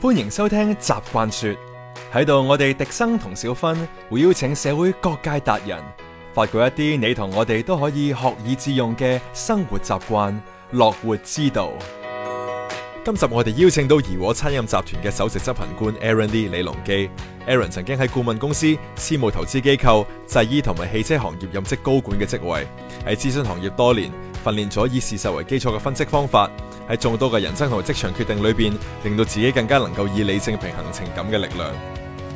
歡迎收聽習慣說，喺度我哋迪生同小芬會邀請社會各界達人，發掘一啲你同我哋都可以學以致用嘅生活習慣、樂活之道。今集我哋邀請到怡和餐飲集團嘅首席執行官 Aaron Lee 李龍基，Aaron 曾經喺顧問公司、私募投資機構、製衣同埋汽車行業任職高管嘅職位，喺諮詢行業多年。訓練咗以事實為基礎嘅分析方法，喺眾多嘅人生同埋職場決定裏邊，令到自己更加能夠以理性平衡情感嘅力量。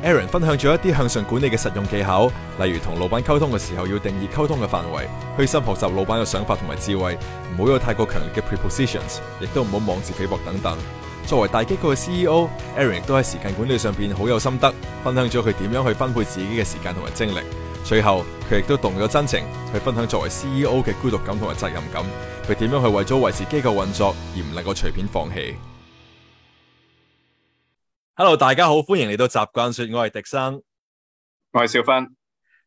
Aaron 分享咗一啲向上管理嘅實用技巧，例如同老闆溝通嘅時候要定義溝通嘅範圍，虛心學習老闆嘅想法同埋智慧，唔好有太過強烈嘅 prepositions，亦都唔好妄自菲薄等等。作為大機構嘅 CEO，Aaron 亦都喺時間管理上邊好有心得，分享咗佢點樣去分配自己嘅時間同埋精力。最後，佢亦都動咗真情去分享作為 CEO 嘅孤獨感同埋責任感，佢點樣去為咗維持機構運作而唔能夠隨便放棄。Hello，大家好，歡迎嚟到習慣說，我係迪生，我係小芬。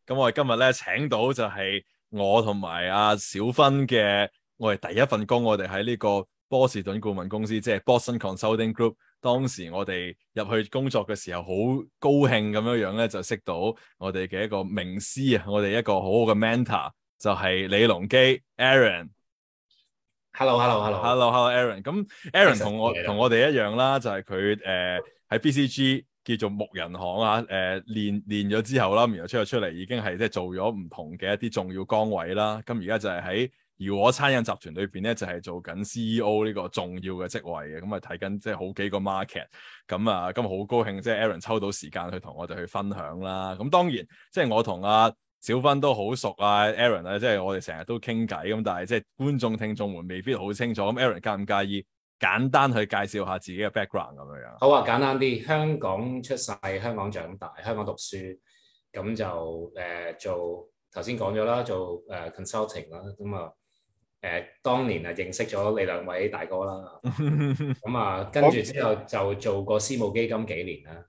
咁我哋今日咧請到就係我同埋阿小芬嘅，我哋第一份工，我哋喺呢個波士頓顧問公司，即係 Boston Consulting Group。當時我哋入去工作嘅時候，好高興咁樣樣咧，就識到我哋嘅一個名師啊，我哋一個好好嘅 mentor 就係李龍基 Aaron。Hello，hello，hello，hello，hello，Aaron。咁 Aaron 同我同我哋一樣啦，就係、是、佢誒喺、呃、BCG 叫做木人巷啊誒，練練咗之後啦，然後出咗出嚟，已經係即係做咗唔同嘅一啲重要崗位啦。咁而家就係喺怡和餐飲集團裏邊咧，就係、是、做緊 CEO 呢個重要嘅職位嘅，咁啊睇緊即係好幾個 market，咁啊今日好高興即係、就是、Aaron 抽到時間去同我哋去分享啦。咁、嗯、當然即係、就是、我同阿小芬都好熟啊，Aaron 啊，即係我哋成日都傾偈，咁但係即係觀眾聽眾們未必好清楚。咁、嗯嗯、Aaron 介唔介意簡單去介紹下自己嘅 background 咁樣？好啊，簡單啲，香港出世，香港長大，香港讀書，咁就誒做頭先講咗啦，做誒 consulting 啦，咁、呃、啊～誒當年啊，認識咗你兩位大哥啦，咁啊，跟住之後就做個私募基金幾年啦，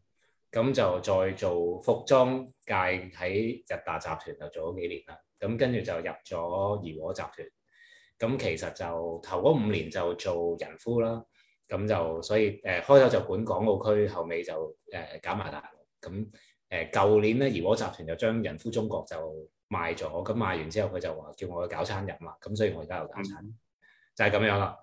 咁 就再做服裝界喺日大集團就做咗幾年啦，咁跟住就入咗怡和集團，咁其實就頭嗰五年就做仁孚啦，咁就所以誒、呃、開頭就管港澳區，後尾就誒、呃、搞埋大陸，咁誒舊年咧怡和集團就將仁孚中國就賣咗，咁賣完之後佢就話叫我去搞餐飲啦，咁、嗯、所以我而家又搞餐飲就係、是、咁樣啦。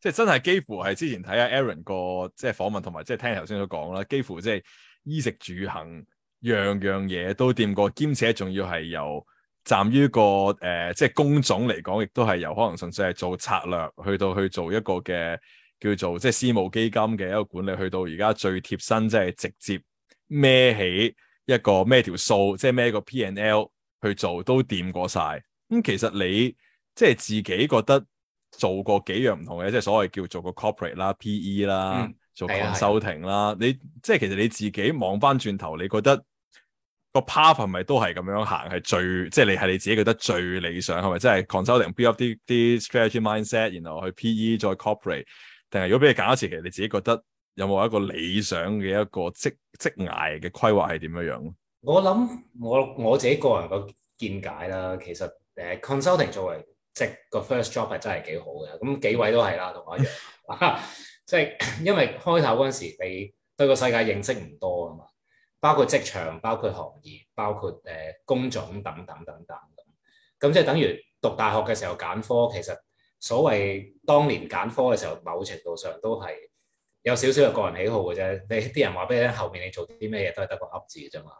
即係真係幾乎係之前睇阿 Aaron 個即係訪問，同埋即係聽頭先都講啦，幾乎即係衣食住行樣樣嘢都掂過，兼且仲要係由站於個誒即係工種嚟講，亦都係由可能純粹係做策略，去到去做一個嘅叫做即係私募基金嘅一個管理，去到而家最貼身即係直接孭起一個孭條數，即係孭個 P and L。去做都掂過晒，咁、嗯、其實你即係自己覺得做過幾樣唔同嘅，即係所謂叫做個 corporate 啦、P E 啦、嗯、做 consulting 啦，你即係其實你自己望翻轉頭，你覺得個 path 係咪都係咁樣行，係最即係、就是、你係你自己覺得最理想係咪？即係 consulting build up 啲啲 strategy mindset，然後去 P E 再 corporate，定係如果俾你揀一次，其實你自己覺得有冇一個理想嘅一個職職涯嘅規劃係點樣咯？我諗我我自己個人個見解啦，其實誒、呃、consulting 作為即個 first job 係真係幾好嘅，咁幾位都係啦，同我一樣。即係 因為開頭嗰陣時，你對個世界認識唔多啊嘛，包括職場、包括行業、包括誒工種等等等等。咁即係等於讀大學嘅時候揀科，其實所謂當年揀科嘅時候，某程度上都係有少少嘅個，個人喜好嘅啫。你啲人話俾你聽，後面你做啲咩嘢都係得個噏字嘅啫嘛。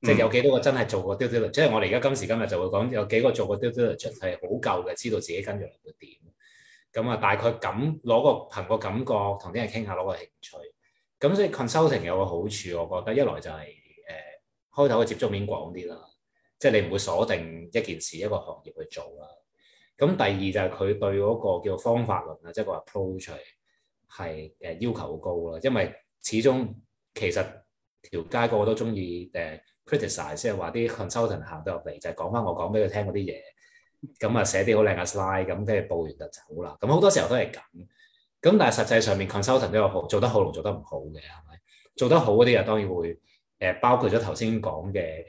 嗯、即係有幾多個真係做過 DD、嗯、即係我哋而家今時今日就會講有幾個做過 DD 出係好舊嘅，知道自己跟住會點。咁啊，大概咁攞個憑個感覺同啲人傾下，攞個興趣。咁所以 consulting 有個好處，我覺得一來就係、是、誒、呃、開頭嘅接觸面廣啲啦，即係你唔會鎖定一件事一個行業去做啦、啊。咁第二就係佢對嗰個叫方法論啊，即、就、係、是、個 approach 係要求好高啦，因為始終其實條街個個都中意誒。呃 criticize 即係話啲 consultant 行到入嚟就係講翻我講俾佢聽嗰啲嘢，咁啊，寫啲好靚嘅 slide，咁跟住報完就走啦。咁好多時候都係咁。咁但係實際上面 consultant 都有好，做得好同做得唔好嘅，係咪？做得好嗰啲啊當然會誒，包括咗頭先講嘅誒，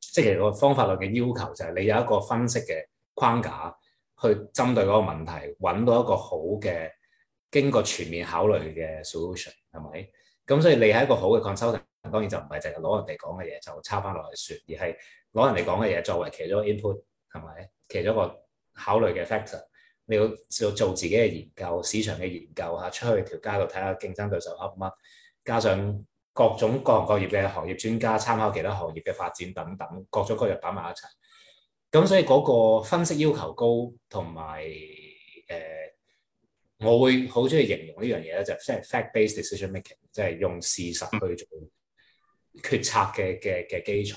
即係其實個方法論嘅要求就係你有一個分析嘅框架去針對嗰個問題，揾到一個好嘅經過全面考慮嘅 solution 係咪？咁所以你係一個好嘅 consultant。當然就唔係淨係攞人哋講嘅嘢就抄翻落嚟説，而係攞人哋講嘅嘢作為其中一個 input，係咪？其中一個考慮嘅 factor，你要要做自己嘅研究、市場嘅研究嚇，出去條街度睇下競爭對手乜乜，mark，加上各種各行各業嘅行業專家，參考其他行業嘅發展等等，各種各樣擺埋一齊。咁所以嗰個分析要求高，同埋誒，我會好中意形容呢樣嘢咧，就即係 fact-based decision making，即係用事實去做。決策嘅嘅嘅基礎，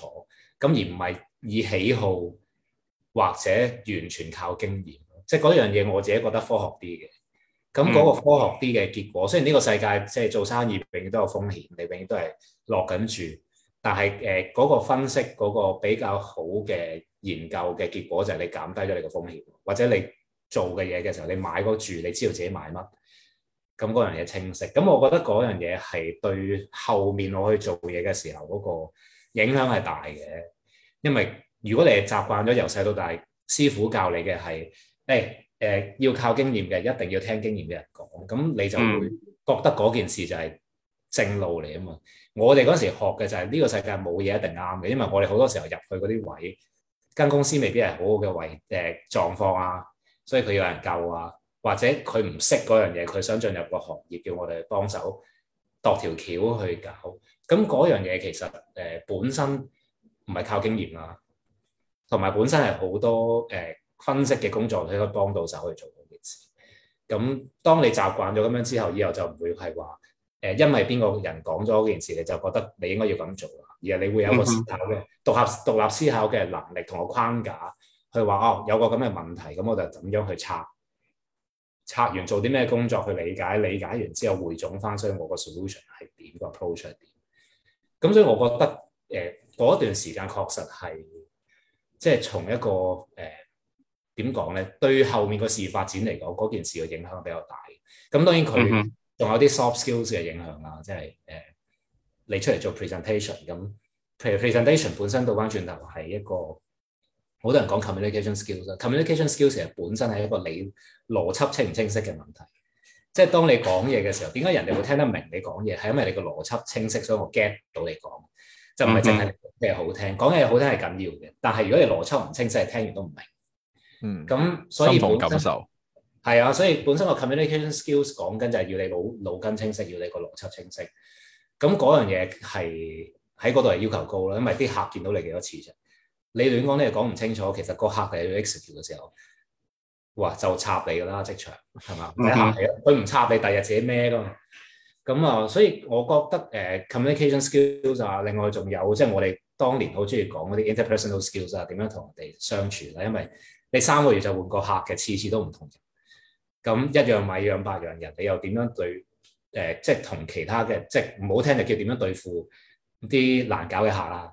咁而唔係以喜好或者完全靠經驗，即係嗰樣嘢我自己覺得科學啲嘅。咁嗰個科學啲嘅結果，嗯、雖然呢個世界即係做生意永遠都有風險，你永遠都係落緊注。但係誒嗰個分析嗰、嗰個比較好嘅研究嘅結果就係你減低咗你嘅風險，或者你做嘅嘢嘅時候你買嗰注你知道自己買乜。咁嗰樣嘢清晰，咁我覺得嗰樣嘢係對後面我去做嘢嘅時候嗰個影響係大嘅。因為如果你係習慣咗由細到大，師傅教你嘅係，誒、欸、誒、呃、要靠經驗嘅，一定要聽經驗嘅人講，咁你就會覺得嗰件事就係正路嚟啊嘛。嗯、我哋嗰時學嘅就係、是、呢、呢個世界冇嘢一定啱嘅，因為我哋好多時候入去嗰啲位，間公司未必係好好嘅位誒、呃、狀況啊，所以佢要有人救啊。或者佢唔識嗰樣嘢，佢想進入個行業，叫我哋幫手度條橋去搞。咁嗰樣嘢其實誒、呃、本身唔係靠經驗啦，同埋本身係好多誒、呃、分析嘅工作，可以幫到手去做嗰件事。咁當你習慣咗咁樣之後，以後就唔會係話誒，因為邊個人講咗嗰件事，你就覺得你應該要咁做啦。而係你會有個思考嘅獨立獨立思考嘅能力同個框架去話哦，有個咁嘅問題，咁我就點樣去拆？拆完做啲咩工作去理解，理解完之後匯總翻，所以我個 solution 係點，個 approach 係點。咁所以我覺得誒嗰一段時間確實係即係從一個誒點講咧，對後面個事業發展嚟講嗰件事嘅影響比較大。咁當然佢仲有啲 soft skills 嘅影響啦，即係誒、呃、你出嚟做 presentation，咁譬如 presentation 本身倒翻轉頭係一個。好多人講 communication skills，communication skills 其實本身係一個你邏輯清唔清晰嘅問題。即係當你講嘢嘅時候，點解人哋會聽得明你講嘢？係因為你個邏輯清晰，所以我 get 到你講。就唔係淨係你講嘢好聽，講嘢、mm hmm. 好聽係緊要嘅。但係如果你邏輯唔清晰，聽完都唔明。嗯、mm。咁、hmm.，所以本感受。係啊，所以本身個 communication skills 講緊就係、是、要你腦腦筋清晰，要你個邏輯清晰。咁嗰樣嘢係喺嗰度係要求高啦，因為啲客見到你幾多次啫。你亂講你係講唔清楚，其實個客嚟到 execute 嘅時候，哇就插你㗎啦，職場係嘛？第一、嗯嗯、客嚟，佢唔插你，第日自己孭㗎嘛？咁啊，所以我覺得誒、呃、communication skills 啊，另外仲有即係、就是、我哋當年好鍾意講嗰啲 interpersonal skills 啊，點樣同人哋相處啦？因為你三個月就換個客嘅，次次都唔同人，咁一樣米養百樣，樣人，你又點樣對誒？即、呃、係、就是、同其他嘅，即係唔好聽就叫點樣對付啲難搞嘅客啦？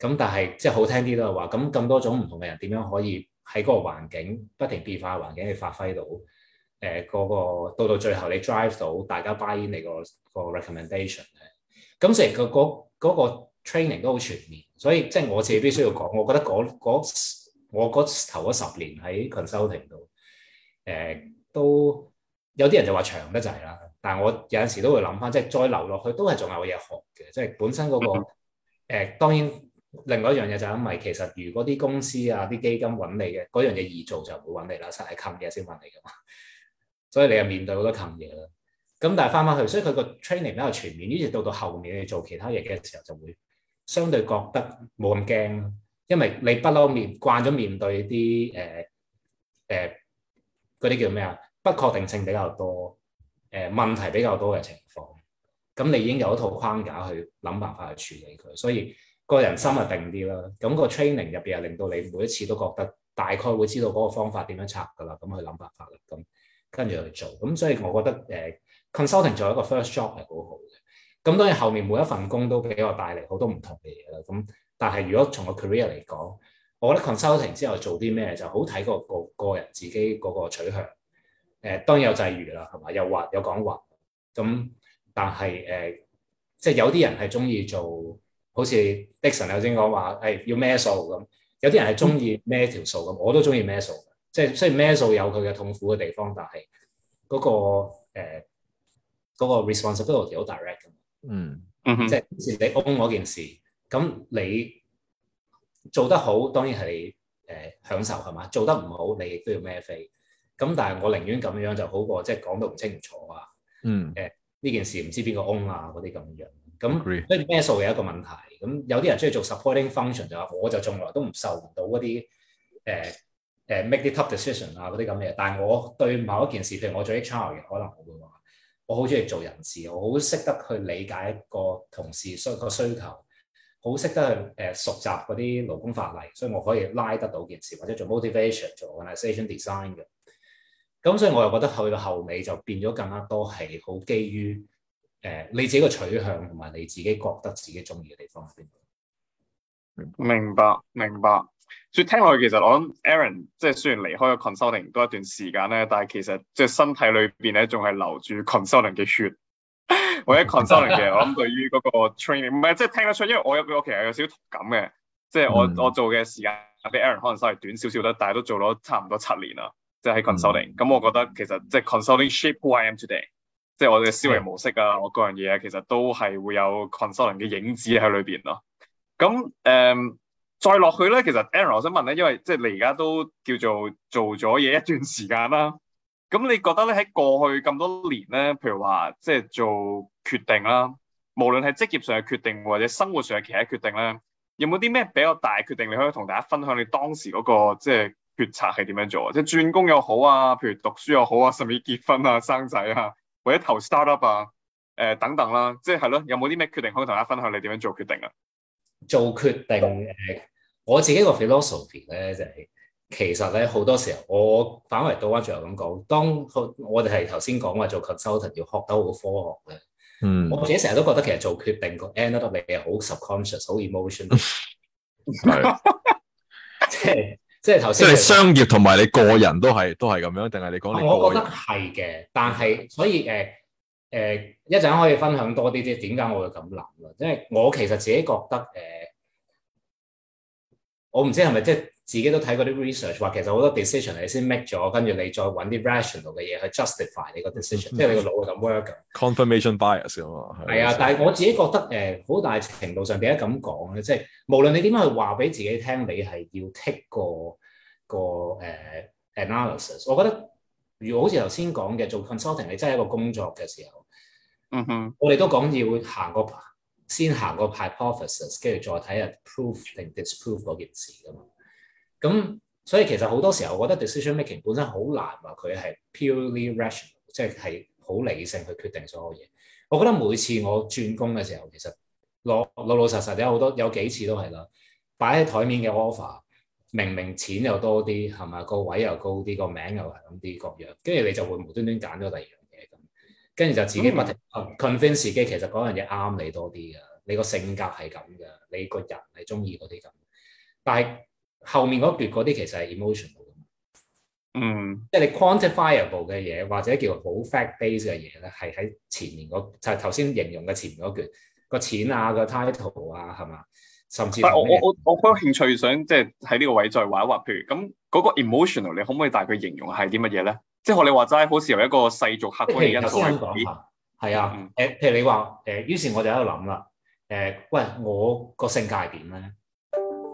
咁但係即係好聽啲都係，話咁咁多種唔同嘅人，點樣可以喺嗰個環境不停變化嘅環境去發揮到誒嗰、呃、到到最後你 drive 到大家 buy in 你個個 recommendation 咧，咁、嗯、成、嗰個嗰、嗰個 training 都好全面，所以即係我自己必須要講，我覺得、嗰個、我嗰、嗰個、頭嗰十年喺 consulting 度誒、呃、都有啲人就話長得滯啦，但係我有陣時都會諗翻，即係再留落去都係仲有嘢學嘅，即係本身嗰、嗰個誒、呃、當然。另外一樣嘢就係因為其實如果啲公司啊，啲基金揾你嘅，嗰樣嘢易做就唔會揾你啦，實係冚嘢先揾你噶嘛。所以你又面對好多冚嘢啦。咁但係翻翻去，所以佢個 training 比較全面。於是到到後面你做其他嘢嘅時候就會相對覺得冇咁驚，因為你不嬲面慣咗面對啲誒誒嗰啲叫咩啊？不確定性比較多，誒、呃、問題比較多嘅情況。咁你已經有一套框架去諗辦法去處理佢，所以。個人心係定啲啦，咁、那個 training 入邊啊，令到你每一次都覺得大概會知道嗰個方法點樣拆噶啦，咁去諗辦法啦，咁跟住去做。咁所以我覺得誒、呃、consulting 做一個 first job 係好好嘅。咁當然後面每一份工都畀我帶嚟好多唔同嘅嘢啦。咁但係如果從個 career 嚟講，我覺得 consulting 之後做啲咩就好睇個個個人自己嗰個取向。誒、呃、當然有際遇啦，係嘛？有話有講話。咁但係誒、呃，即係有啲人係中意做。好似 Dixon 頭先講話，誒、哎、要孭數咁。有啲人係中意孭條數咁，我都中意孭數。即係雖然孭數有佢嘅痛苦嘅地方，但係嗰、那個誒、呃那個、responsibility 好 direct 咁、嗯。嗯嗯，即係你 own 嗰件事，咁你做得好，當然係誒、呃、享受係嘛？做得唔好，你亦都要孭飛。咁但係我寧願咁樣就好過，即係講到唔清唔楚啊。嗯。誒呢、呃、件事唔知邊個 own 啊？嗰啲咁樣。咁那 I agree. 所以咩數嘅一個問題。咁有啲人中意做 supporting function 就話，我就從來都唔受唔到嗰啲誒誒 make 啲 top decision 啊嗰啲咁嘅嘢。但係我對某一件事，譬如我做 HR 嘅，可能我會話，我好中意做人事，我好識得去理解一個同事需個需求，好識得去誒熟習嗰啲勞工法例，所以我可以拉得到件事，或者做 motivation 做 organisation design 嘅。咁所以我又覺得去到後尾就變咗更加多係好基於。誒你自己個取向同埋你自己覺得自己中意嘅地方係明白，明白。所以聽落去其實我諗 Aaron 即係雖然離開咗 consulting 多一段時間咧，但係其實即係身體裏邊咧仲係流住 consulting 嘅血，或者 consulting 嘅。我諗對於嗰個 training 唔係 即係聽得出，因為我有我其實有少少同感嘅，即係我、嗯、我做嘅時間比 Aaron 可能稍微短少少啦，但係都做咗差唔多七年啦，即係喺 consulting、嗯。咁、嗯、我覺得其實即係 consulting shape who I am today。即係我哋嘅思維模式啊，我個人嘢啊，其實都係會有 Consulting 嘅影子喺裏邊咯。咁誒、嗯，再落去咧，其實 Aaron 我想問咧，因為即係你而家都叫做做咗嘢一段時間啦、啊。咁你覺得咧喺過去咁多年咧，譬如話即係做決定啦、啊，無論係職業上嘅決定或者生活上嘅其他決定咧，有冇啲咩比較大決定你可以同大家分享你當時嗰、那個即係決策係點樣做啊？即係轉工又好啊，譬如讀書又好啊，甚至結婚啊、生仔啊。或者投 startup 啊，誒、呃、等等啦，即係咯，有冇啲咩決定可以同大家分享？你點樣做決定啊？做決定誒，我自己個 philosophy 咧就係、是，其實咧好多時候我反回到啊，最後咁講，當我哋係頭先講話做 consultant 要學得好科學嘅，嗯，我自己成日都覺得其實做決定個 end up 嚟嘅好 subconscious，好 emotion，係，即係。即係頭先，即係商業同埋你個人都係都係咁樣，定係你講？我覺得係嘅，但係所以誒誒一陣可以分享多啲啲點解我會咁諗咯，因為我其實自己覺得誒、呃，我唔知係咪即係。自己都睇過啲 research，話其實好多 decision 你先 make 咗，跟住你再揾啲 rational 嘅嘢去 justify 你， 你個 decision，即係你個腦會咁 work 嘅。Confirmation bias 啊嘛，係啊，但係我自己覺得誒好、呃、大程度上點解咁講咧，即、就、係、是、無論你點樣去話俾自己聽，你係要 take 個個誒、呃、analysis。我覺得如果好似頭先講嘅做 consulting，你真係一個工作嘅時候，哼、mm，hmm。我哋都講要行個先行個 hypothesis，跟住再睇下 prove 定 disprove 嗰件事噶。咁所以其實好多時候，我覺得 decision making 本身好難話佢係 purely rational，即係係好理性去決定所有嘢。我覺得每次我轉工嘅時候，其實老老老實實有好多有幾次都係啦，擺喺台面嘅 offer，明明錢又多啲，係咪個位又高啲，個名又係咁啲各樣，跟住你就會無端端揀咗第二樣嘢咁，跟住就自己不停 convince 自己其實嗰樣嘢啱你多啲㗎，你個性格係咁㗎，你個人係中意嗰啲咁，但係。後面嗰段嗰啲其實係 emotional 㗎嘛，嗯，即係你 quantifiable 嘅嘢，或者叫好 fact-based 嘅嘢咧，係喺前面嗰就係頭先形容嘅前面嗰段、個錢啊、個 title 啊，係嘛？甚至我我我我覺得興趣想即係喺呢個位再畫一畫，譬如咁嗰個 emotional，你可唔可以大概形容係啲乜嘢咧？即係學你話齋，好似由一個世俗客觀嘅因素嚟講，係、嗯、啊，誒譬如你話誒，於是我就喺度諗啦，誒、欸、喂，我個性格係點咧？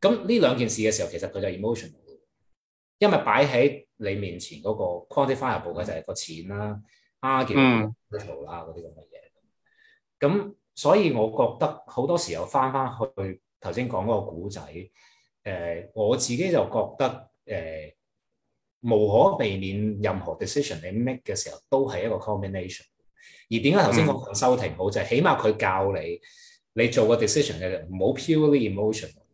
咁呢兩件事嘅時候，其實佢就 emotional 嘅，因為擺喺你面前嗰個 quantifiable 嘅就係個錢啦、a R g 值啦、嗰啲咁嘅嘢。咁所以我覺得好多時候翻翻去頭先講嗰個古仔。誒、呃，我自己就覺得誒、呃、無可避免，任何 decision 你 make 嘅時候都係一個 combination。而點解頭先我講收停好、嗯、就係，起碼佢教你你做個 decision 嘅時候唔好 purely emotional。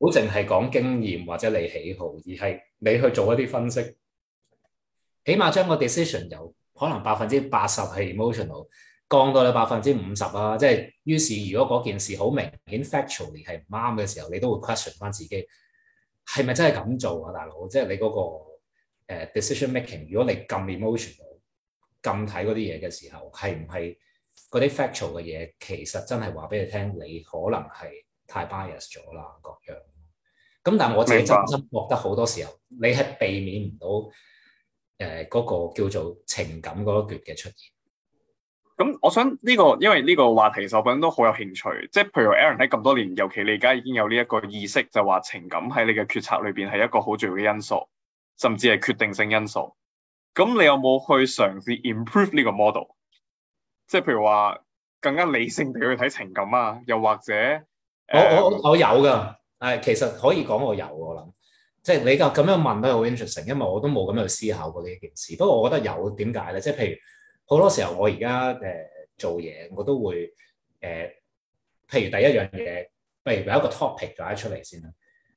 唔好淨係講經驗或者你喜好，而係你去做一啲分析，起碼將個 decision 由可能百分之八十係 emotional，降到你百分之五十啦。即係於是，如果嗰件事好明顯 factually 係唔啱嘅時候，你都會 question 翻自己，係 咪樂真係咁做啊，大佬？即係你嗰、嗰個、uh, decision making，如果你咁 emotional，咁睇嗰啲嘢嘅時候，係唔係嗰啲 factual 嘅嘢，其實真係話俾你聽，你可能係。太 bias 咗啦，各樣。咁但係我自己真心覺得好多時候，明白。你係避免唔到誒嗰個叫做情感嗰個 gap 嘅出現。咁我想呢、呢個，因為呢個話題，其實我本身都好有興趣。即係譬如 Aaron 喺咁多年，尤其你而家已經有呢一個意識，就話情感喺你嘅決策裏邊係一個好重要嘅因素，甚至係決定性因素。咁你有冇去嘗試 improve 呢個 model？即係譬如話更加理性地去睇情感啊，又或者？Uh, 我我我有噶，誒其實可以講我有我諗，即係你咁咁樣問都係好 interesting，因為我都冇咁樣去思考過呢一件事。不過我覺得有點解咧？即係譬如好多時候我而家誒做嘢，我都會誒，譬如第一樣嘢，譬如有一個 topic 擺咗出嚟先啦。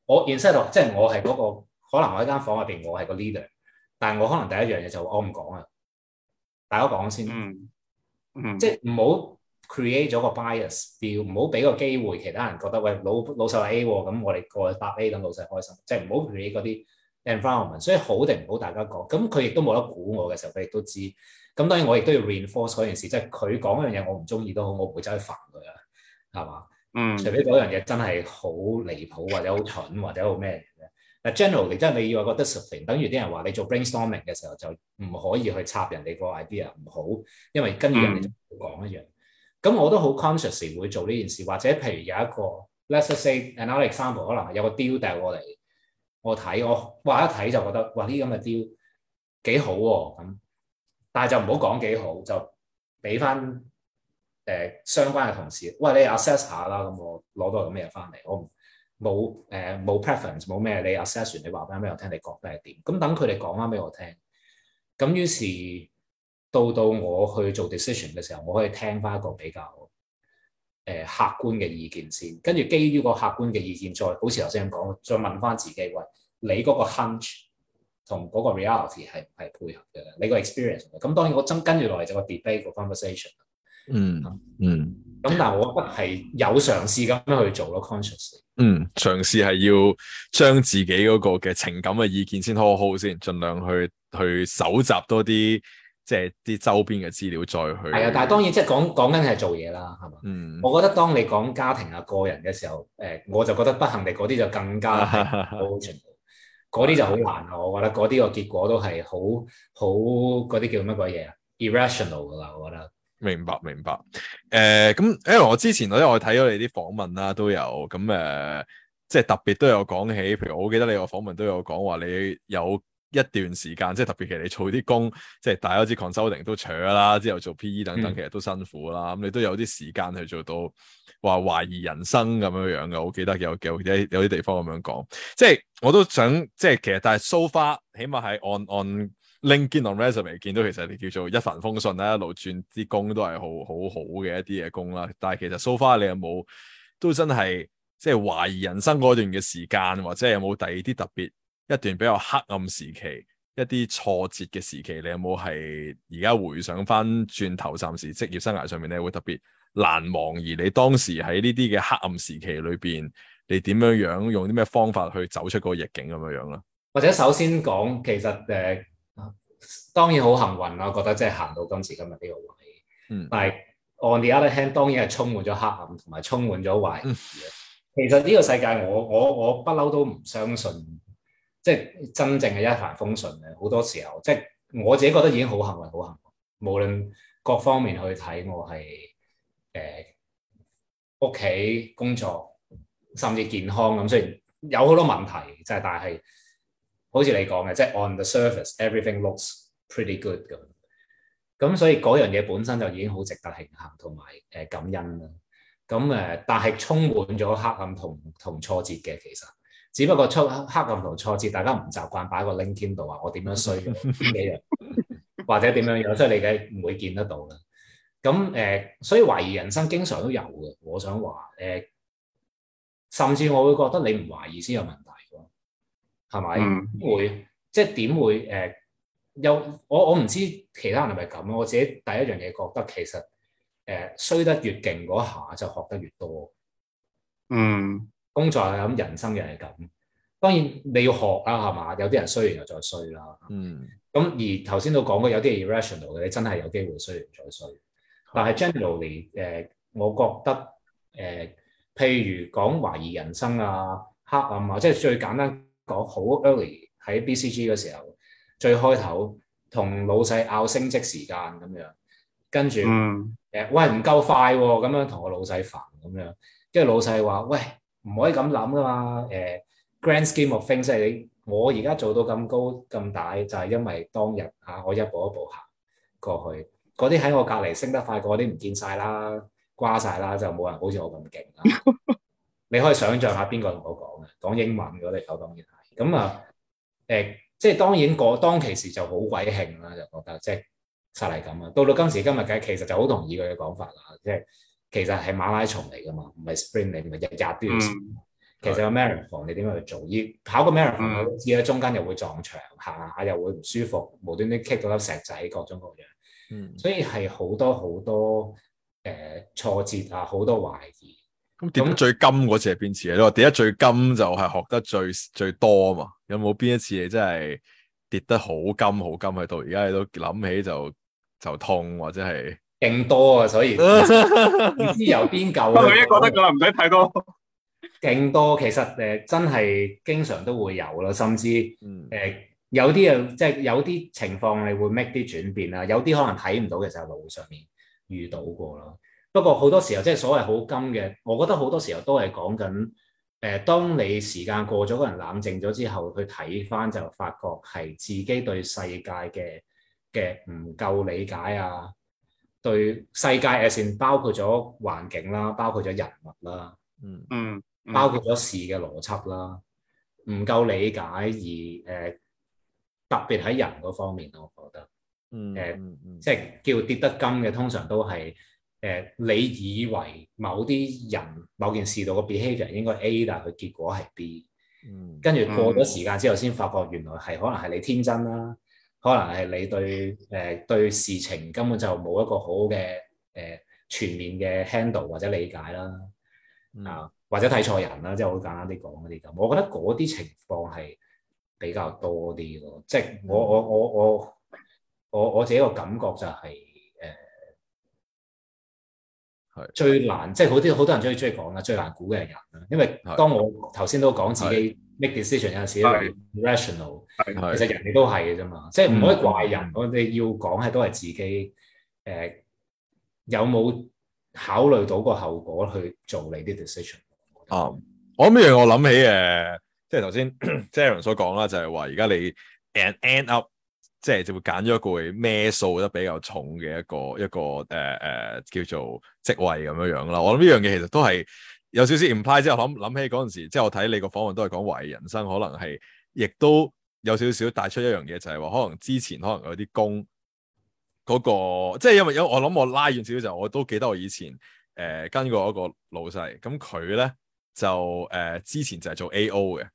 我 inside 即係我係嗰個，可能我喺間房入邊，我係個 leader，但係我可能第一樣嘢就我唔講啊，大家講先。嗯、mm，hmm. 即係唔好。create 咗個 bias，叫唔好俾個機會其他人覺得喂老老細 A 喎，咁我哋過去搭 A 等老細開心，即係唔好 create 嗰啲 environment。所以好定唔好大家講，咁佢亦都冇得估我嘅時候，佢亦都知。咁當然我亦都要 reinforce 嗰件事，即係佢講一樣嘢我唔中意都好，我唔會走去煩佢啊，係嘛？嗯，mm. 除非嗰樣嘢真係好離譜或者好蠢或者好咩嘢咧。嗱 generally 真係你以為覺得 something 等於啲人話你做 brainstorming 嘅時候就唔可以去插人哋個 idea，唔好，因為跟住人哋、mm. 就唔會講一樣。咁我都好 conscious 會做呢件事，或者譬如有一個 let's say another example，可能有個 deal 帶我嚟，我睇我哇一睇就覺得哇呢啲咁嘅 deal 幾好喎、啊、咁，但係就唔好講幾好，就俾翻誒相關嘅同事，餵你 assess 下啦，咁我攞多咁嘢翻嚟，我冇誒冇、呃、preference 冇咩，你 assess 你話翻咩我聽，你覺得係點？咁等佢哋講翻俾我聽，咁於是。到到我去做 decision 嘅時候，我可以聽翻一個比較誒、呃、客觀嘅意見先，跟住基於個客觀嘅意見，再好似頭先咁講，再問翻自己，喂，你嗰個 hunch 同嗰個 reality 係唔係配合嘅？你個 experience 咁，當然我真跟住落嚟就個 debate 個 conversation。嗯嗯，咁但係我覺得係有嘗試咁樣去做咯，conscious。嗯，嘗試係要將自己嗰個嘅情感嘅意見先好好先，盡量去去搜集多啲。即係啲周邊嘅資料再去係啊， 但係當然即係講講緊係做嘢啦，係嘛？嗯，我覺得當你講家庭啊個人嘅時候，誒、呃、我就覺得不幸地嗰啲就更加 original，嗰啲就好難，我覺得嗰啲個結果都係好好嗰啲叫乜鬼嘢啊？irrational 㗎啦，我覺得。明白，明白，誒咁，呃、因為我之前我咧我睇咗你啲訪問啦，都有咁誒、呃，即係特別都有講起，譬如我記得你個訪問都有講話你有。一段時間，即係特別其實你做啲工，即係大家好似 consulting 都扯啦，之後做 PE 等等，其實都辛苦啦。咁、嗯嗯、你都有啲時間去做到話懷疑人生咁樣樣嘅，我記得有記得有啲有啲地方咁樣講。即係我都想即係其實，但係 so far 起碼係 on on LinkedIn on resume 見到，其實你叫做一帆風順啦，一路轉啲工都係好好好嘅一啲嘢工啦。但係其實 so、so、far 你有冇都真係即係懷疑人生嗰段嘅時間，或者有冇第二啲特別？一段比較黑暗時期，一啲挫折嘅時期，你有冇係而家回想翻轉頭暫，暫時職業生涯上面咧會特別難忘？而你當時喺呢啲嘅黑暗時期裏邊，你點樣樣用啲咩方法去走出個逆境咁樣樣啦？或者首先講，其實誒、呃，當然好幸運啦，我覺得即係行到今時今日呢個位。嗯，但係 on the other hand，當然係充滿咗黑暗，同埋充滿咗懷疑。其實呢個世界，我我我不嬲都唔相信。即係真正係一帆風順嘅，好多時候，即係我自己覺得已經好幸運，好幸運。無論各方面去睇，我係誒，屋企工作，甚至健康咁。雖然有好多問題，即係但係好似你講嘅，即係 on the surface，everything looks pretty good 咁。咁所以嗰樣嘢本身就已經好值得慶幸同埋誒感恩啦。咁誒，但係充滿咗黑暗同同挫折嘅其實。只不過出黑暗同挫折，大家唔習慣擺個 LinkedIn 度話我點樣衰嘅樣， 或者點樣樣，所以你梗唔會見得到嘅。咁誒、呃，所以懷疑人生經常都有嘅。我想話誒、呃，甚至我會覺得你唔懷疑先有問題喎，係咪？嗯、會即點會誒？又、呃、我我唔知其他人係咪咁，我自己第一樣嘢覺得其實誒、呃，衰得越勁嗰下就學得越多。嗯。工作係咁，人生又係咁。當然你要學啦，係嘛？有啲人衰完又再衰啦。嗯。咁而頭先都講過，有啲 irrational 嘅，你真係有機會衰完再衰。但係 generally，誒、呃，我覺得誒、呃，譬如講懷疑人生啊、黑暗啊，即係最簡單講，好 early 喺 BCG 嗰時候，最開頭同老細拗升職時間咁樣，跟住誒，嗯、喂唔夠快喎、啊，咁樣同我老細煩咁樣，跟住老細話，喂。唔可以咁諗噶嘛？誒、uh，grand scheme of things 係你我而家做到咁高咁大，就係、是、因為當日嚇、啊、我一步一步行過去。嗰啲喺我隔離升得快，嗰啲唔見晒啦，瓜晒啦，就冇人好似我咁勁啦。 你可以想象下邊個同我講嘅，講英文嘅我哋頭當然係咁啊。誒，即係當然嗰當其時就好鬼慶啦，就覺得即係實係咁啊。到到今時今日計，其實就好同意佢嘅講法啦，即係。其實係馬拉松嚟噶嘛，唔係 sprint 嚟，唔係日日都要。嗯、其實個 Marathon，你點樣去做？要跑個 Marathon，我知啦，中間又會撞牆，行下又會唔舒服，無端端棘到粒石仔，各種各樣。嗯，所以係好多好多誒、呃、挫折啊，好多懷疑。咁跌、嗯、最金嗰次係邊次啊？你話跌得最金就係學得最最多啊嘛？有冇邊一次你真係跌得好金好金喺度？而家你都諗起就就痛或者係。勁多啊，所以唔知有邊嚿。啊。不過我覺得就係唔使太多。勁 多，其實誒、呃、真係經常都會有咯，甚至誒、呃、有啲誒，即係有啲情況你會 make 啲轉變啊。有啲可能睇唔到嘅，其實路上面遇到過咯。不過好多時候即係所謂好金嘅，我覺得好多時候都係講緊誒，當你時間過咗，個人冷靜咗之後，去睇翻就發覺係自己對世界嘅嘅唔夠理解啊～對世界嘅線包括咗環境啦，包括咗人物啦，嗯嗯，嗯包括咗事嘅邏輯啦，唔夠理解而誒、呃，特別喺人嗰方面，我覺得，呃、嗯誒，嗯即係叫跌得金嘅，通常都係誒、呃，你以為某啲人某件事度嘅 behavior 應該 A，但係佢結果係 B，嗯，跟住過咗時間之後先發覺，原來係可能係你天真啦。可能係你對誒、呃、對事情根本就冇一個好嘅誒、呃、全面嘅 handle 或者理解啦，啊、mm hmm. 或者睇錯人啦，即係好簡單啲講嗰啲咁。我覺得嗰啲情況係比較多啲咯，即係我我我我我我自己個感覺就係誒係最難，即係好啲好多人中意中意講啦，最難估嘅人啦。因為當我頭先都講自己、mm。Hmm. make decision 有陣時係 rational，其實人哋都係嘅啫嘛，的即係唔可以怪人。嗯、我哋要講係都係自己誒、呃，有冇考慮到個後果去做你啲 decision？啊，我諗呢樣我諗起誒、呃，即係頭先 Aaron 所講啦，就係話而家你 and end up 即係就會揀咗一個咩數得比較重嘅一個一個誒誒、呃呃、叫做職位咁樣樣啦。我諗呢樣嘢其實都係。有少少唔派之後諗諗起嗰陣時，即係我睇你個訪問都係講懷疑人生，可能係亦都有少少帶出一樣嘢，就係、是、話可能之前可能有啲工嗰、那個，即係因為有我諗，我拉遠少少就我都記得我以前誒、呃、跟過一個老細，咁佢咧就誒、呃、之前就係做 A.O. 嘅，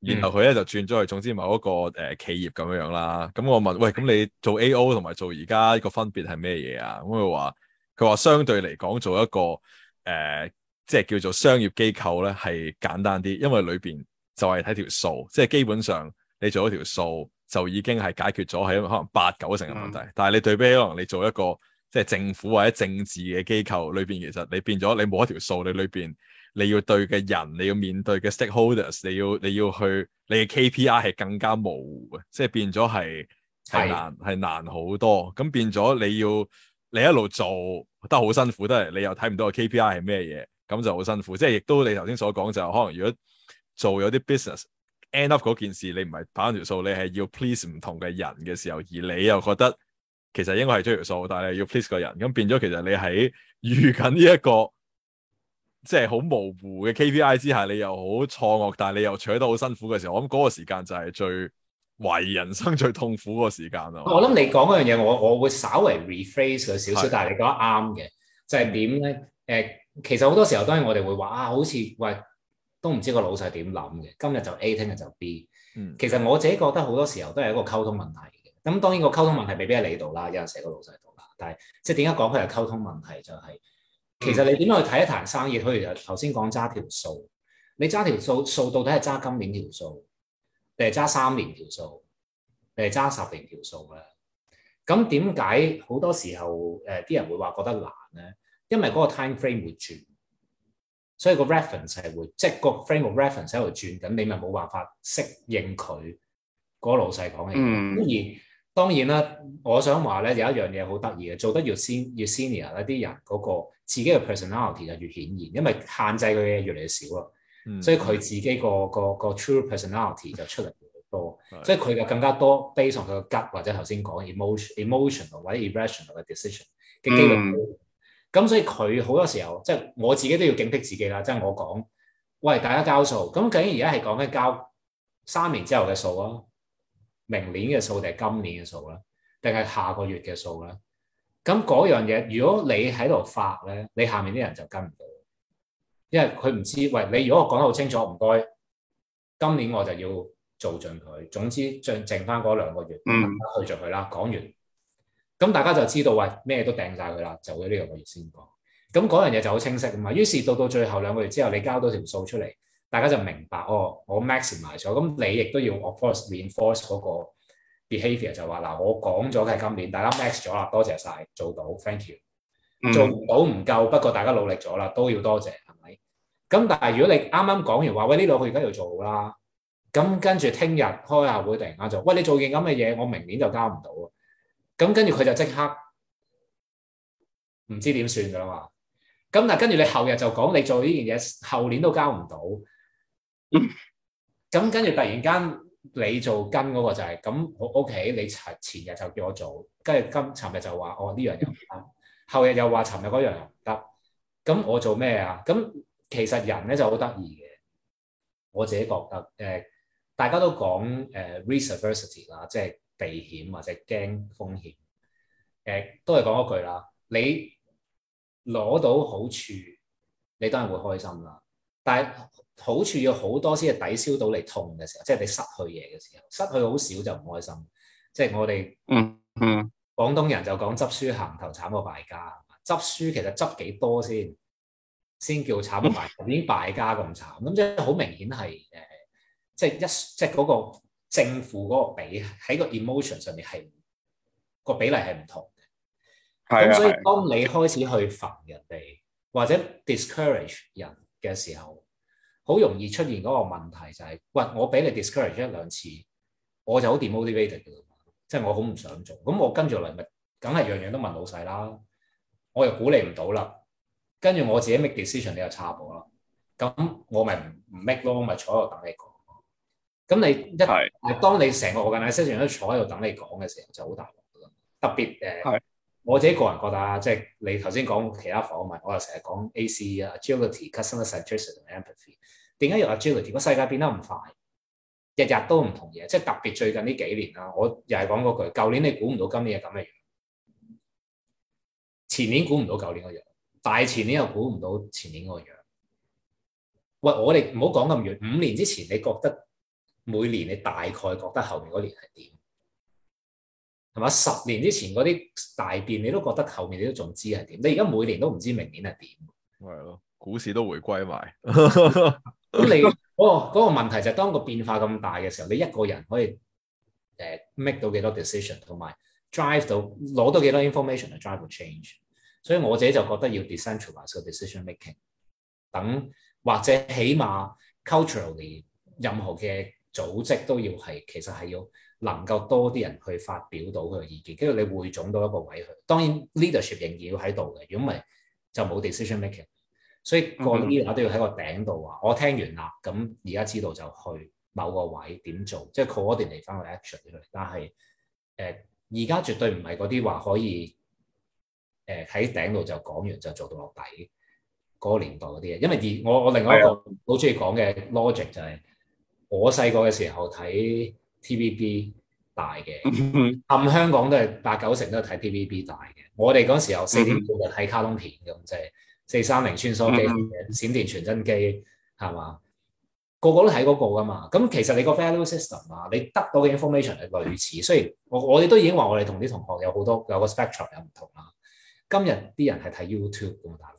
然後佢咧就轉咗去總之某一個誒、呃、企業咁樣啦。咁我問喂，咁你做 A.O. 同埋做而家個分別係咩嘢啊？咁佢話佢話相對嚟講做一個誒。呃即係叫做商業機構咧，係簡單啲，因為裏邊就係睇條數，即係基本上你做一條數就已經係解決咗，係可能八九成嘅問題。嗯、但係你對比可能你做一個即係政府或者政治嘅機構裏邊，其實你變咗你冇一條數，你裏邊你要對嘅人，你要面對嘅 stakeholders，你要你要去你嘅 KPI 係更加模糊嘅，即係變咗係係難係的難好多。咁變咗你要你一路做得好辛苦，都係你又睇唔到個 KPI 係咩嘢。咁就好辛苦，即係亦都你頭先所講、就是，就可能如果做咗啲 business，end up 嗰件事，你唔係跑緊條數，你係要 please 唔同嘅人嘅時候，而你又覺得其實應該係追條數，但係你要 please 個人，咁變咗其實你喺遇緊呢一個即係好模糊嘅 KPI 之下，你又好錯愕，但係你又取得好辛苦嘅時候，我諗嗰個時間就係最懷疑人生最痛苦個時間咯。我諗你講嗰樣嘢，我我會稍微 rephrase 佢少少，是的 但係你講得啱嘅，就係點咧？誒、uh,。其實好多時候，當然我哋會話啊，好似喂，都唔知個老細點諗嘅。今日就 A，聽日就 B。其實我自己覺得好多時候都係一個溝通問題嘅。咁當然個溝通問題未必係你度啦，有陣時個老細度啦。但係即係點解講佢係溝通問題，就是？就係其實你點樣去睇一談生意，譬如頭先講揸條數，你揸條數，數到底係揸今年條數，定係揸三年條數，定係揸十年條數咧？咁點解好多時候誒啲、呃、人會話覺得難咧？因為嗰個 time frame 會轉，所以個 reference 係會即係、就是、個 frame of reference 喺度轉緊，你咪冇辦法適應佢。嗰、那個、老細講嘅，咁、嗯、而當然啦，我想話咧有一樣嘢好得意嘅，做得越先 sen, 越 senior 一啲人嗰、那個自己嘅 personality 就越顯然，因為限制佢嘅嘢越嚟越少啦，嗯、所以佢自己個個個 true personality 就出嚟越多， 所以佢就更加多 base on 佢個 gut, 或者頭先講 emotion emotional 或者 irrational 嘅 decision 嘅機會。嗯咁所以佢好多時候，即係我自己都要警惕自己啦。即係我講，喂，大家交數，咁究竟而家係講緊交三年之後嘅數啊，明年嘅數定係今年嘅數咧，定係下個月嘅數咧？咁嗰樣嘢，如果你喺度發咧，你下面啲人就跟唔到，因為佢唔知。喂，你如果我講得好清楚，唔該，今年我就要做盡佢。總之，將剩翻嗰兩個月，嗯，去做盡佢啦。講完。咁大家就知道喂，咩都掟晒佢啦，就喺呢兩個月先講。咁嗰樣嘢就好清晰㗎嘛。於是到到最後兩個月之後，你交多條數出嚟，大家就明白哦。我 max 埋咗，咁你亦都要 force reinforce 嗰個 behaviour，就話嗱，我講咗嘅今年，大家 max 咗啦，多謝晒，做到，thank you。做唔到唔夠，不過大家努力咗啦，都要多謝係咪？咁但係如果你啱啱講完話，喂呢度佢而家要做好啦，咁跟住聽日開下會，突然間就喂你做件咁嘅嘢，我明年就交唔到啊。咁跟住佢就即刻唔知點算㗎喇嘛，咁但跟住你後日就講你做呢件嘢，後年都交唔到。咁跟住突然間你做跟嗰個就係、是、咁，OK，你前前日就叫我做，跟住今尋日就話哦呢樣又唔得，後日又話尋日嗰樣又唔得，咁我做咩啊？咁其實人咧就好得意嘅，我自己覺得誒、呃，大家都講誒 resilience 啦，即係。避險或者驚風險，誒、呃、都係講一句啦。你攞到好處，你當然會開心啦。但係好處要好多先係抵消到你痛嘅時候，即係你失去嘢嘅時候，失去好少就唔開心。即係我哋、嗯，嗯嗯，廣東人就講執輸行頭慘過敗家。執輸其實執幾多先先叫慘過敗，已經、嗯、敗家咁慘。咁即係好明顯係誒，即係一即係嗰、嗰個。政府嗰個比喺個 emotion 上面係個比例係唔同嘅，咁所以當你開始去煩人哋或者 discourage 人嘅時候，好容易出現嗰個問題就係：喂，我俾你 discourage 一兩次，我就好 demotivated 嘅啦，即係我好唔想做。咁我跟住嚟咪，梗係樣樣都問老細啦，我又鼓勵唔到啦，跟住我自己 make decision 你又差咗啦，咁我咪唔 make 咯，咪坐喺度等你講。咁你一，係是，當你成個我嘅 organization 都坐喺度等你講嘅時候，就好大壓力。特別誒，是我自己個人覺得啦，即係你頭先講其他訪問，我又成日講 AC 啊 ag、Agility、Customer Centricity 同 Empathy。點解用 Agility？個世界變得咁快，日日都唔同嘢。即係特別最近呢幾年啦，我又係講嗰句：舊年你估唔到今年係咁嘅樣，前年估唔到舊年嘅樣，大前年又估唔到前年嘅樣。喂，我哋唔好講咁遠，五年之前你覺得？每年你大概覺得後面嗰年係點，係嘛？十年之前嗰啲大變，你都覺得後面你都仲知係點。你而家每年都唔知明年係點。係咯，股市都回歸埋。咁 你嗰個嗰個問題就係當個變化咁大嘅時候，你一個人可以誒、呃、make 到幾多 decision，同埋 drive 到攞到幾多 information 嚟 drive 個 change。所以我自己就覺得要 decentralise 個 decision making，等或者起碼 culturally 任何嘅。組織都要係，其實係要能夠多啲人去發表到佢嘅意見，跟住你匯總到一個位去。當然 leadership 仍然要喺度嘅，如果唔係就冇 decision making。所以個 leader 都要喺個頂度話，嗯、哼我聽完啦，咁而家知道就去某個位點做，即係 coordinate 返個 action 佢。但係誒，而家絕對唔係嗰啲話可以誒喺頂度就講完就做到落底嗰、那個年代嗰啲嘢，因為而我我另外一個好中意講嘅 logic 就係、是。我細個嘅時候睇 TVB 大嘅，暗香港都係八九成都係睇 TVB 大嘅。我哋嗰時候四點半就睇卡通片咁啫，四三零穿梭機、閃電傳真機係嘛？個個都睇嗰個噶嘛。咁其實你個 value system 啊，你得到嘅 information 係類似。雖然我我哋都已經話我哋同啲同學有好多有個 spectrum 有唔同啦。今日啲人係睇 YouTube，咁大佬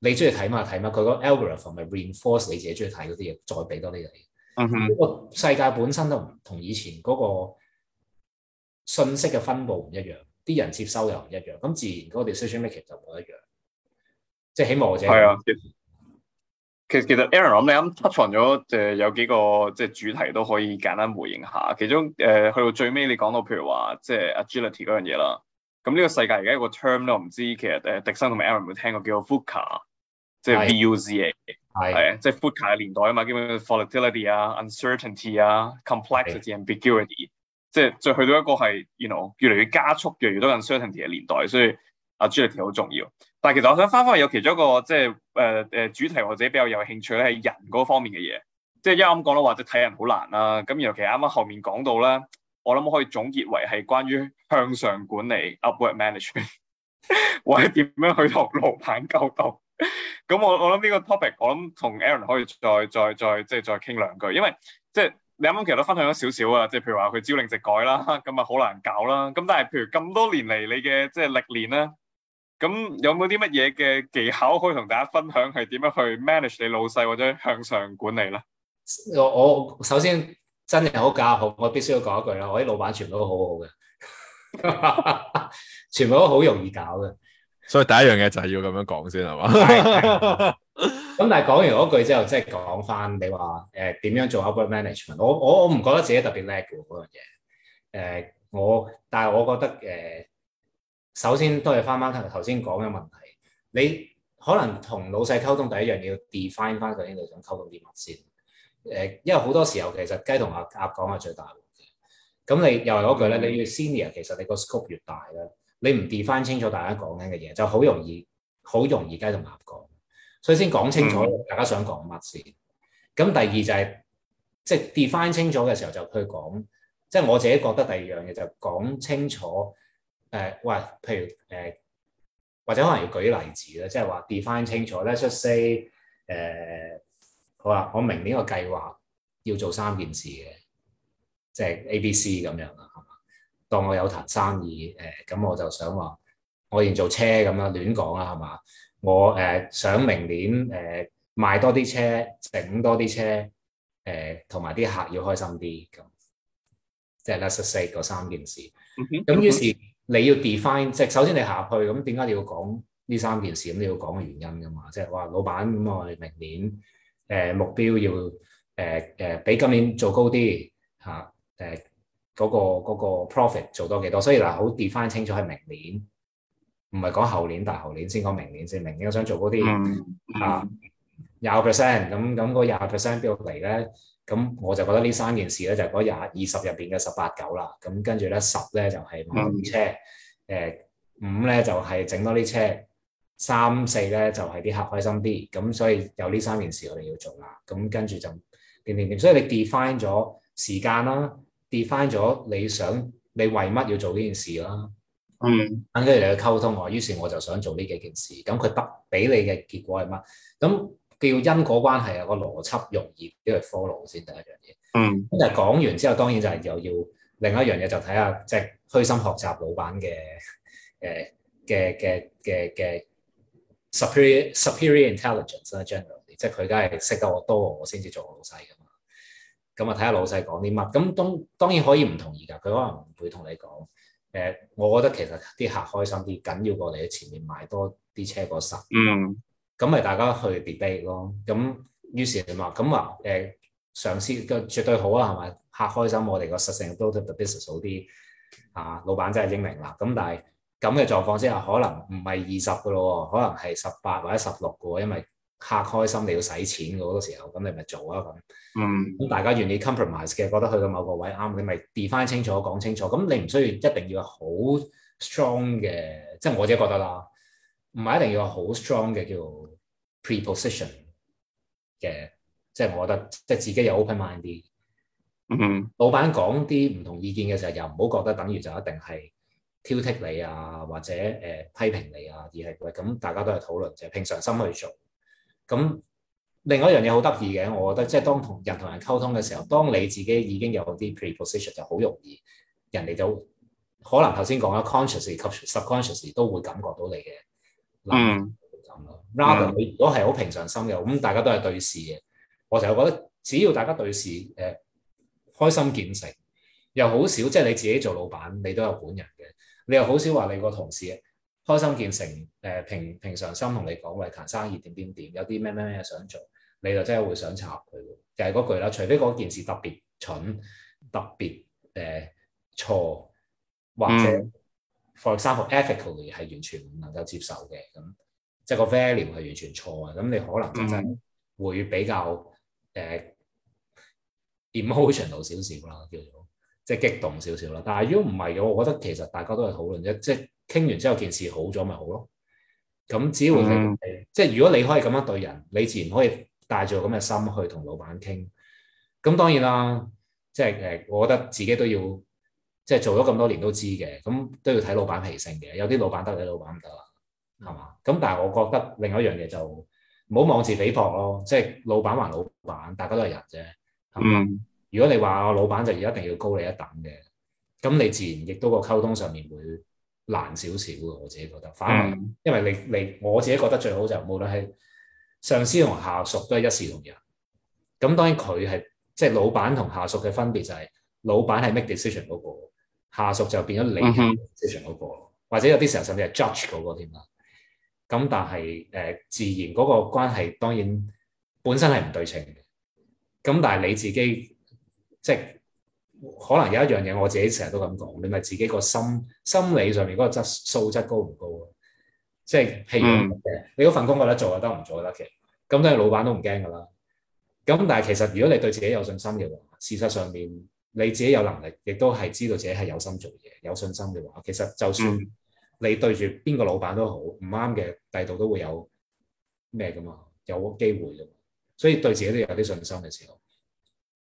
你中意睇嘛睇嘛。佢個 algorithm 咪 reinforce 你自己中意睇嗰啲嘢，再俾多啲嘢。嗯哼，個世界本身都唔同以前，嗰個信息嘅分佈唔一樣，啲人接收又唔一樣，咁自然嗰個 decision making 就冇一樣，即係希望我啫。啊，其實其實 Aaron，你啱啱 touch on 咗就有幾個即係主題都可以簡單回應下。其中誒去、呃、到最尾你講到譬如話即係 Agility 嗰樣嘢啦，咁呢個世界而家有個 term 都唔知其實誒、呃、迪生同埋 Aaron 有冇聽過？叫做 VUCA 即係 V-U-C-A。係，即係 VUCA 年代啊嘛，基本上 Volatility 啊、Uncertainty 啊、Complexity 的、Ambiguity，即係再去到一個係，you know，越嚟越加速越嚟越多 Uncertainty 嘅年代，所以啊 Agility 好重要。但係其實我想翻翻去有其中一個即係誒誒主題或者比較有興趣咧，係人嗰方面嘅嘢，即係一啱啱講啦，或者睇人好難啦、啊。咁尤其啱啱後面講到咧，我諗可以總結為係關於向上管理 （Upward Management） 或者點樣去同老闆溝通。咁我我諗呢個 topic，我諗同 Aaron 可以再再再即係再傾兩句，因為即係你啱啱其實都分享咗少少啊，即係譬如話佢朝令夕改啦，咁啊好難搞啦。咁但係譬如咁多年嚟你嘅即係歷練啦，咁有冇啲乜嘢嘅技巧可以同大家分享，係點樣去 manage 你老細或者向上管理咧？我我首先真係好搞好，我必須要講一句啦，我啲老闆全部都好好嘅， 全部都好容易搞嘅。所以第一樣嘢就係要咁樣講先係嘛？咁 但係講完嗰句之後，即、就、係、是、講翻你話誒點樣做 upper management？我我我唔覺得自己特別叻嘅嗰樣嘢。誒、那個呃，我但係我覺得誒、呃，首先都係翻翻頭先講嘅問題。你可能同老細溝通，第一樣嘢要 define 翻佢哋想溝通啲乜先。誒、呃，因為好多時候其實雞同鴨鴨講係最大鑊嘅。咁你又係嗰句咧，你越 senior，其實你個 scope 越大咧。你唔 define 清楚大家講緊嘅嘢，就好容易好容易加啲噉嘅，所以先講清楚大家想講乜先。咁第二就係即係 define 清楚嘅時候就去講。即係我自己覺得第二樣嘢就講清楚誒，喂、呃呃，譬如誒、呃、或者可能要舉例子咧，即係話 define 清楚。Let's say 誒、呃，好啦，我明年個計劃要做三件事嘅，即係 A、B、C 咁樣啦。當我有攤生意，誒、呃、咁我就想話，我而做車咁啦，亂講啦，係嘛？我誒、呃、想明年誒賣、呃、多啲車，整多啲車，誒同埋啲客要開心啲，咁即係 let's say 嗰三件事。咁、mm hmm. 於是你要 define，即係首先你下去，咁點解你要講呢三件事？咁你要講嘅原因㗎嘛？即係話老闆，咁我哋明年誒、呃、目標要誒誒、呃呃、比今年做高啲嚇誒。啊呃嗰個嗰個 profit 做多幾多？所以嗱，好 define 清楚係明年，唔係講後年，大後年先講明年先。明年我想做嗰啲啊廿個 percent 咁，咁嗰廿個 percent 邊度嚟咧？咁我就覺得呢三件事咧就係嗰廿二十入邊嘅十八九啦。咁跟住咧十咧就係換車，誒五咧就係整多啲車，三四咧就係啲客開心啲。咁所以有呢三件事我哋要做啦。咁跟住就點點點，所以你 define 咗時間啦。define 咗你想你為乜要做呢件事啦，嗯，跟住嚟去溝通我，於是我就想做呢幾件事，咁佢得俾你嘅結果係乜？咁叫因果關係有、那個邏輯容易俾佢 follow 先第一樣嘢，嗯，咁就講完之後當然就係又要另一樣嘢就睇下即係、就是、虛心學習老闆嘅誒嘅嘅嘅嘅 superior superior intelligence 啊 generally 即係佢梗係識得我多，我先至做我老細㗎。咁啊，睇下老細講啲乜。咁當當然可以唔同意㗎，佢可能唔會同你講。誒、呃，我覺得其實啲客開心啲緊要過你喺前面買多啲車嗰十、mm。嗯。咁咪大家去 debate 咯。咁於是就話，咁話誒，嘗試嘅絕對好啊，係咪？客開心，我哋個實性都 tip the business 好啲。啊，老闆真係英明啦。咁但係咁嘅狀況之下，可能唔係二十個咯，可能係十八或者十六個，因為，客開心，你要使錢嗰個時候，咁你咪做啊咁。嗯，咁大家願意 compromise 嘅，覺得去到某個位啱，你咪 define 清楚，講清楚。咁你唔需要一定要好 strong 嘅，即係我自己覺得啦，唔係一定要好 strong 嘅叫 preposition 嘅，即係我覺得即係自己又 open mind 啲。嗯、mm。Hmm. 老闆講啲唔同意見嘅時候，又唔好覺得等於就一定係挑剔你啊，或者誒、呃、批評你啊，而係喂咁大家都係討論啫，就係、平常心去做。咁另外一樣嘢好得意嘅，我覺得即係當同人同人溝通嘅時候，當你自己已經有啲 preposition，就好容易人哋就可能頭先講啦，conscious 及 subconsciously，都會感覺到你嘅。嗯。咁咯 rather 你如果係好平常心嘅，咁大家都係對視嘅，我成日覺得只要大家對視，誒開心見誠，又好少即係、就是、你自己做老闆，你都有本人嘅，你又好少話你個同事。開心見誠，誒平平常心同你講，為談生意點點點，有啲咩咩咩想做，你就真係會想插佢嘅。就係嗰句啦，除非嗰件事特別蠢、特別誒錯，或者、嗯、for example ethically 係完全唔能夠接受嘅，咁即係個 value 係完全錯嘅，咁你可能就真係會比較誒、嗯呃、emotional 少少啦，叫做即係激動少少啦。但係如果唔係嘅，我覺得其實大家都係討論啫，即傾完之後件事好咗咪好咯？咁只要係、嗯、即係如果你可以咁樣對人，你自然可以帶住咁嘅心去同老闆傾。咁當然啦，即係誒，我覺得自己都要即係做咗咁多年都知嘅，咁都要睇老闆脾性嘅。有啲老闆得，啲老闆唔得啦，係嘛？咁但係我覺得另外一樣嘢就唔好妄自菲薄咯。即係老闆還老闆，大家都係人啫。嗯。如果你話老闆就一定要高你一等嘅，咁你自然亦都個溝通上面會難少少嘅，我自己覺得。反而因為你你我自己覺得最好就是，無論係上司同下屬都係一視同仁。咁當然佢係即係老闆同下屬嘅分別就係，是，老闆係 make decision 嗰，那個，下屬就變咗你 decision 嗰，那個，mm hmm。或者有啲時候甚至係 judge 嗰個添，那，啦，個。咁但係誒、呃、自然嗰個關係當然本身係唔對稱嘅。咁但係你自己即係。就是可能有一樣嘢，我自己成日都咁講，你咪自己個心心理上面嗰個質素質高唔高啊？即係譬如、嗯、你嗰份工作，覺得做就得唔做又得嘅，咁都係老闆都唔驚噶啦。咁但係其實如果你對自己有信心嘅話，事實上面你自己有能力，亦都係知道自己係有心做嘢，有信心嘅話，其實就算你對住邊個老闆都好唔啱嘅，第度都會有咩噶嘛，有機會噶嘛。所以對自己都有啲信心嘅時候，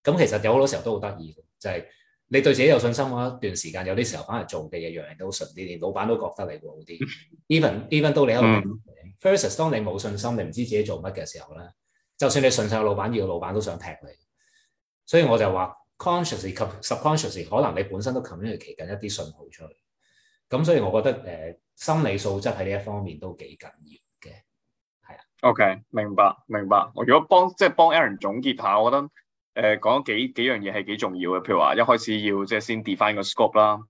咁其實有好多時候都好得意。就係你對自己有信心，嗰一段時間，有啲時候反而做嘅嘢樣樣都順啲，連老闆都覺得你會好啲。Mm hmm. Even even 到、mm hmm. 你，first，當你冇信心，你唔知自己做乜嘅時候咧，就算你信晒老闆要，老闆都想踢你。所以我就話，conscious 及 subconscious 可能你本身都 communicate 緊一啲信號出嚟。咁所以，我覺得誒、呃、心理素質喺呢一方面都幾緊要嘅。係啊。OK，明白明白。我如果幫即係、就是、幫 Aaron 總結下，我覺得。誒，講咗、呃、幾幾樣嘢係幾重要嘅，譬如話一開始要即係先 define 個 scope 啦，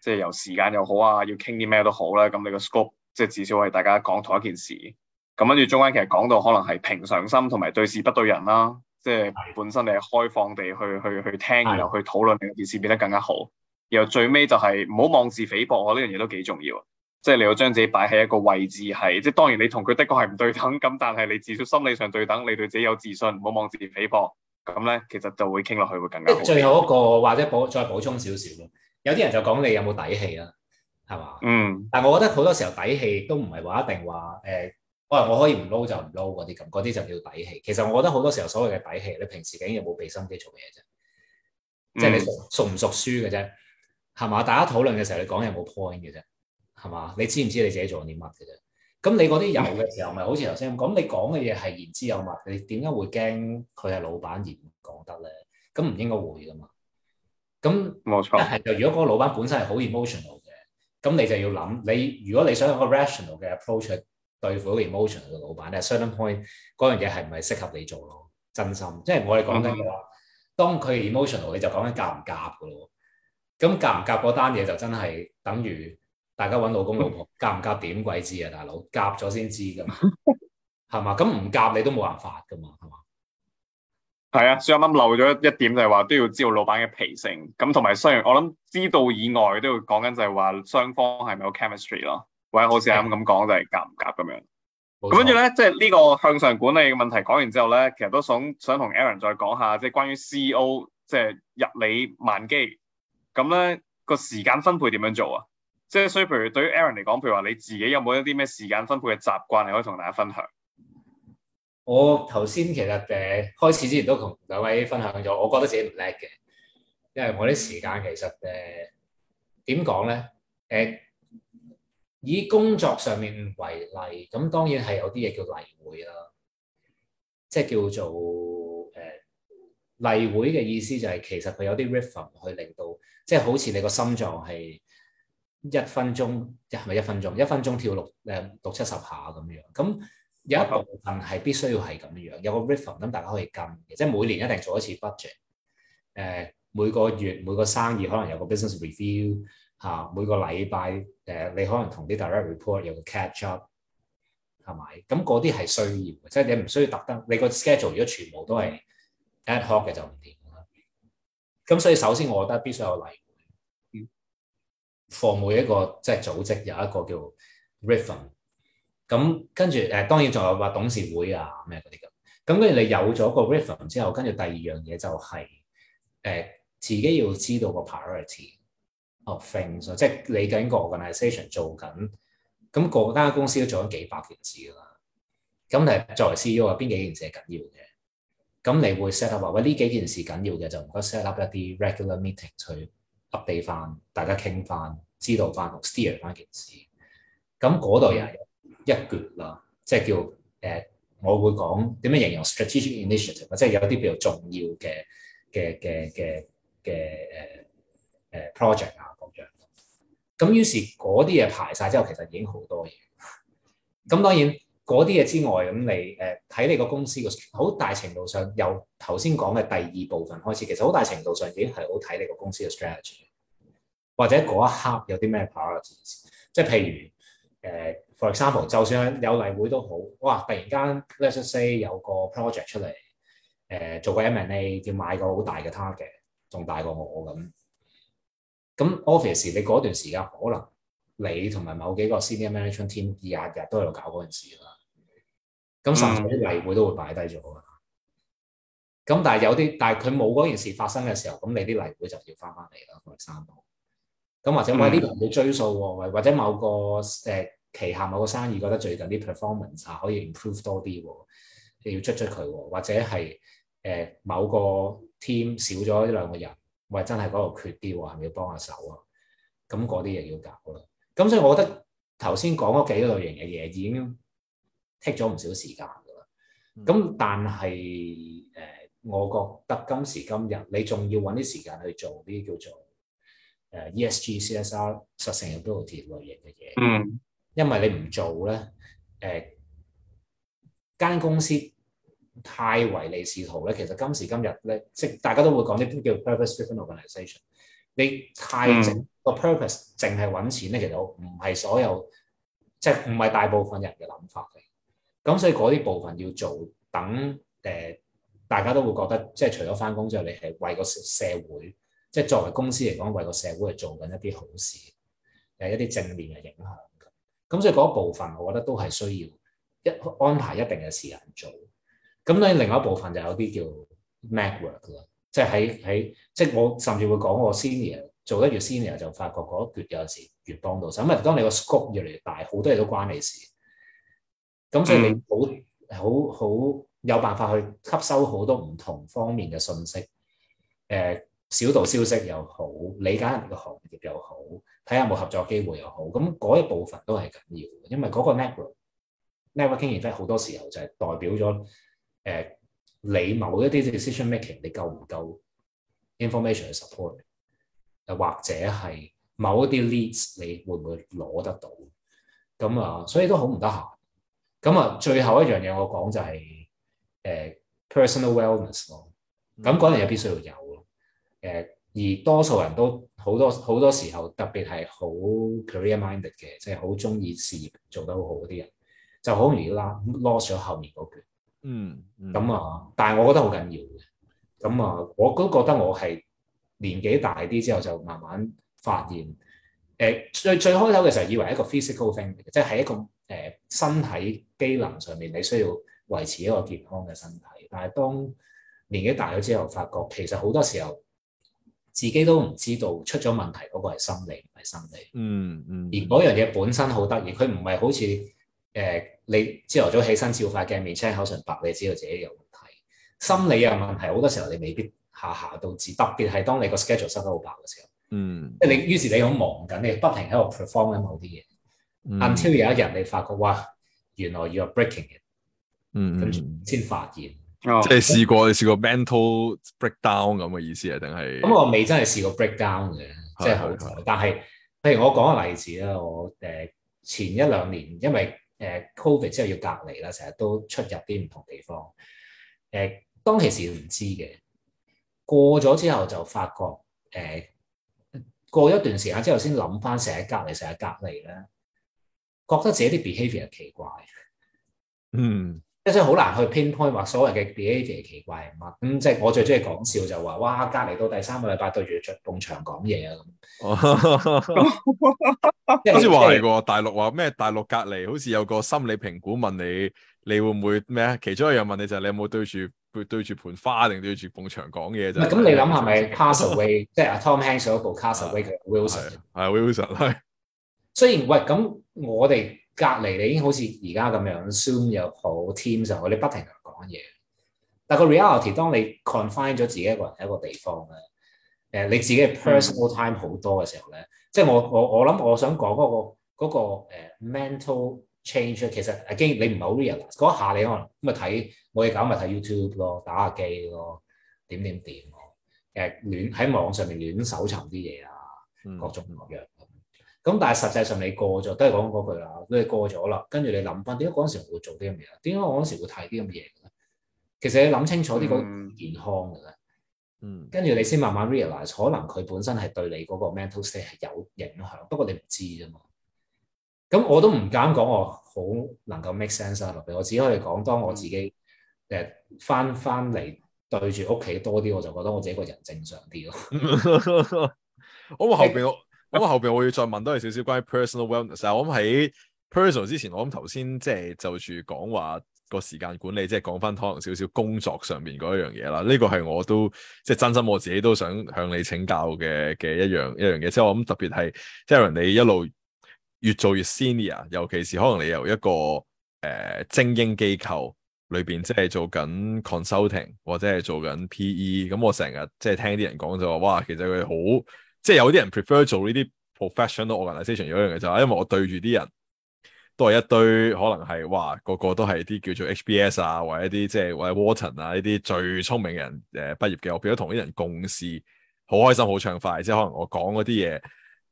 即係由時間又好啊，要傾啲咩都好啦。咁你個 scope 即係至少係大家講同一件事。咁跟住中間其實講到可能係平常心同埋對事不對人啦，即係本身你係開放地去去去聽，然後去討論呢件事變得更加好。然後最尾就係唔好妄自菲薄，呢樣嘢都幾重要。即係你要將自己擺喺一個位置係，即係當然你同佢的確係唔對等，咁但係你至少心理上對等，你對自己有自信，唔好妄自菲薄。咁咧，其實就會傾落去會更加好。即最後一個或者補再補充少少咯。有啲人就講你有冇底氣啦，係嘛？嗯。但係我覺得好多時候底氣都唔係話一定話誒，喂、欸、我可以唔撈就唔撈嗰啲咁，嗰啲就叫底氣。其實我覺得好多時候所謂嘅底氣，你平時究竟有冇俾心機做嘢啫？即係、嗯、你熟唔熟，熟書嘅啫，係嘛？大家討論嘅時候，你講有冇 point 嘅啫，係嘛？你知唔知你自己做緊啲乜嘅啫？咁你嗰啲有嘅時候，咪、嗯、好似頭先咁。你講嘅嘢係言之有物，你點解會驚佢係老闆而唔講得咧？咁唔應該會噶嘛？咁冇錯。係就如果嗰老闆本身係好 emotional 嘅，咁你就要諗，你如果你想有個 rational 嘅 approach 對付 emotional 嘅老闆咧 certain point 嗰樣嘢係唔係適合你做咯？真心，即係我哋講緊嘅當佢 emotional 你就講緊夾唔夾噶咯。咁夾唔夾嗰單嘢就真係等於。大家揾老公老婆夾唔夾點鬼知啊，大佬夾咗先知噶，係嘛？ 咁唔夾你都冇辦法噶嘛，係嘛？係啊，所以啱啱漏咗一一點就係話都要知道老闆嘅脾性，咁同埋雖然我諗知道以外都要講緊就係話雙方係咪有 chemistry 咯？或者好似啱啱咁講就係夾唔夾咁樣。咁跟住咧，即係呢、就是、個向上管理嘅問題講完之後咧，其實都想想同 Aaron 再講下，即、就、係、是、關於 CEO 即係日理萬機咁咧個時間分配點樣做啊？即係所以，譬如對於 Aaron 嚟講，譬如話你自己有冇一啲咩時間分配嘅習慣，你可以同大家分享。我頭先其實誒、呃、開始之前都同兩位分享咗，我覺得自己唔叻嘅，因為我啲時間其實誒點講咧誒，以工作上面為例，咁當然係有啲嘢叫例會啦，即係叫做誒例、呃、會嘅意思就係、是、其實佢有啲 rhythm 去令到，即係好似你個心臟係，一分鐘，係咪一分鐘？一分鐘跳六誒六七十下咁樣。咁有一部分係必須要係咁樣，有個 rhythm，咁大家可以跟嘅。即係每年一定做一次 budget，誒每個月每個生意可能有個 business review 嚇，每個禮拜誒你可能同啲 direct report 有個 catch up 係咪？咁嗰啲係需要嘅，即係你唔需要特登。你個 schedule 如果全部都係 ad hoc 嘅就唔掂啦。咁所以首先我覺得必須有例。f o 每一個即係組織有一個叫 rhythm，咁跟住誒當然仲有話董事會啊咩嗰啲咁，咁跟住你有咗個 rhythm 之後，跟住第二樣嘢就係、是、誒、呃、自己要知道個 priority of things，即係你緊個 organisation 做緊，咁、那個間公司都做緊幾百件事㗎嘛，咁你作為 CEO 啊邊幾件事係緊要嘅？咁你會 set up 話喂呢幾件事緊要嘅就唔該 set up 一啲 regular meeting 去。噏地翻，大家傾翻，知道翻同 steer 翻件事。咁嗰度又係一攰啦，即係叫誒，uh, 我會講點樣形容 strategic initiative，即係有啲比較重要嘅嘅嘅嘅嘅誒誒 project 啊咁樣。咁於是嗰啲嘢排晒之後，其實已經好多嘢。咁當然，嗰啲嘢之外，咁你誒睇、呃、你個公司個好大程度上，由頭先講嘅第二部分開始，其實好大程度上已經係好睇你個公司嘅 strategy，或者嗰一刻有啲咩 priorities 即係譬如誒、呃、for example，就算有例會都好，哇！突然間 let's say 有個 project 出嚟，誒、呃、做個 M&A，要買個好大嘅 target 嘅，仲大過我咁，咁 office 你嗰段時間可能你同埋某幾個 senior management team 日日都喺度搞嗰件事啦。咁甚至啲例會都會擺低咗噶，咁、嗯嗯嗯、但係有啲，但係佢冇嗰件事發生嘅時候，咁你啲例會就要翻翻嚟咯，可能三號。咁或者喂啲人要追數，或或者某個誒旗下某個生意覺得最近啲 performance 可以 improve 多啲，你要出出佢，或者係誒、呃、某個 team 少咗一兩個人，喂真係嗰個缺啲，係咪要幫下手啊？咁嗰啲嘢要搞咯。咁所以我覺得頭先講嗰幾個類型嘅嘢已經。剔咗唔少時間噶啦，咁但係誒、呃，我覺得今時今日你仲要揾啲時間去做啲叫做誒 ESG、CSR、呃、Sustainability 類型嘅嘢。嗯，因為你唔做咧，誒、呃、間公司太唯利是圖咧，其實今時今日咧，即係大家都會講呢啲叫 purpose-driven organization，你太整個、嗯、purpose 淨係揾錢咧，其實都唔係所有即係唔係大部分人嘅諗法嚟。咁所以嗰啲部分要做，等誒、呃、大家都會覺得，即係除咗翻工之後，你係為個社會，即係作為公司嚟講，為個社會係做緊一啲好事，係一啲正面嘅影響嘅。咁所以嗰部分，我覺得都係需要一安排一定嘅時間做。咁咧，另外一部分就有啲叫 network 啦，即係喺喺即係我甚至會講我 senior 做得越 senior 就發覺嗰一橛有陣時越幫到手，因為當你個 scope 越嚟越大，好多嘢都關你事。咁所以你好好好有辦法去吸收好多唔同方面嘅信息，誒、呃、小道消息又好，理解人哋嘅行業又好，睇下有冇合作機會又好，咁一部分都係緊要嘅，因為個 network networking effect 好多時候就係代表咗誒、呃、你某一啲 decision making 你夠唔夠 information 去 support，又或者係某一啲 leads 你會唔會攞得到？咁啊，所以都好唔得閒。咁啊，最後一樣嘢我講就係、是、誒、呃、personal wellness 咯。咁嗰樣嘢必須要有咯。誒、呃，而多數人都好多好多時候，特別係好 career minded 嘅，即係好中意事業做得好好嗰啲人，就好容易啦，lost 咗後面嗰橛。嗯。咁啊，但係我覺得好緊要嘅。咁啊，我都覺得我係年紀大啲之後就慢慢發現，誒、呃、最，最最開頭嘅時候以為一個 physical thing 嚟嘅，即係係一個。誒，身體機能上面你需要維持一個健康嘅身體，但係當年紀大咗之後，發覺其實好多時候自己都唔知道出咗問題嗰個係心理，唔係生理。嗯嗯。嗯，而嗰樣嘢本身好得意，佢唔係好似誒，你朝頭早起身照塊鏡面，面青口唇白，你知道自己有問題。心理有問題好多時候你未必下下都知，特別係當你個 schedule 收得好白嘅時候。嗯。即係你，於是你好忙緊，你不停喺度 perform 某啲嘢。Until 有一日你發覺哇，原來要 breaking 嘅。跟住嗯嗯，先發現，即係試過，試過 mental breakdown 咁嘅意思啊，定係？咁、嗯、我未真係試過 breakdown 嘅，即係好耐但係，譬如我講個例子啦，我誒、呃、前一兩年，因為誒、呃、COVID 之後要隔離啦，成日都出入啲唔同地方，誒、呃、當其時唔知嘅，過咗之後就發覺，誒、呃、過一段時間之後先諗翻，成日隔離，成日隔離咧。覺得自己啲 behaviour 奇怪，嗯，即係好難去 pinpoint 話所謂嘅 behaviour 奇怪係乜。咁即係我最中意講笑就話，哇，隔離到第三個禮拜對住牆講嘢啊！咁，好似話嚟喎，大陸話咩？大陸隔離好似有個心理評估問你，你會唔會咩？其中一樣問你就係你有冇對住對住盆花定對住牆講嘢啫。咁你諗係咪？Cast Away 即係 Tom Hanks 嗰個 Cast Away 嘅 Wilson，係 Wilson。雖然喂咁，我哋隔離你已經好似而家咁樣，Zoom 又好 Teams 又好，你不停講嘢。但個 reality，當你 confine 咗自己一個人喺一個地方咧，誒你自己嘅 personal time 好多嘅時候咧，嗯、即係我我我諗我想講嗰、嗰個嗰、嗰個、mental change，其實已經你唔係好 realize 嗰下你可能咁咪睇，冇嘢搞咪睇 YouTube 咯，打下機咯，點點點，誒亂喺網上面亂搜尋啲嘢啊，嗯、各種咁樣。咁但係實際上你過咗，都係講嗰句啦，你過咗啦。跟住你諗翻，點解嗰陣時會做啲咁嘅嘢？點解我嗰陣時會睇啲咁嘅嘢嘅咧？其實你諗清楚啲都健康嘅咧。嗯，跟住你先慢慢 realise，可能佢本身係對你嗰個 mental state 係有影響，不過你唔知啫嘛。咁我都唔敢講我好能夠 make sense 落嚟，我只可以講當我自己誒翻翻嚟對住屋企多啲，我就覺得我自己個人正常啲咯。好 後邊我咁、嗯、後邊我要再問多你少少關於 personal wellness。我諗喺 personal 之前，我諗頭先即係就住講話個時間管理，即係講翻可能少少工作上面嗰一樣嘢啦。呢個係我都即係、就是、真心我自己都想向你請教嘅嘅一樣一樣嘢。即、就、係、是、我諗特別係即係人哋一路越做越 senior，尤其是可能你由一個誒、呃、精英機構裏邊即係做緊 consulting 或者係做緊 PE，咁我成日即係聽啲人講就話，哇，其實佢好～即係有啲人 prefer 做呢啲 professional organization 一樣嘅，就係因為我對住啲人都係一堆可能係話個個都係啲叫做 HBS 啊或者一啲即係或 Wharton 啊呢啲最聰明嘅人誒畢、呃、業嘅，我變咗同啲人共事，好開心好暢快。即係可能我講嗰啲嘢，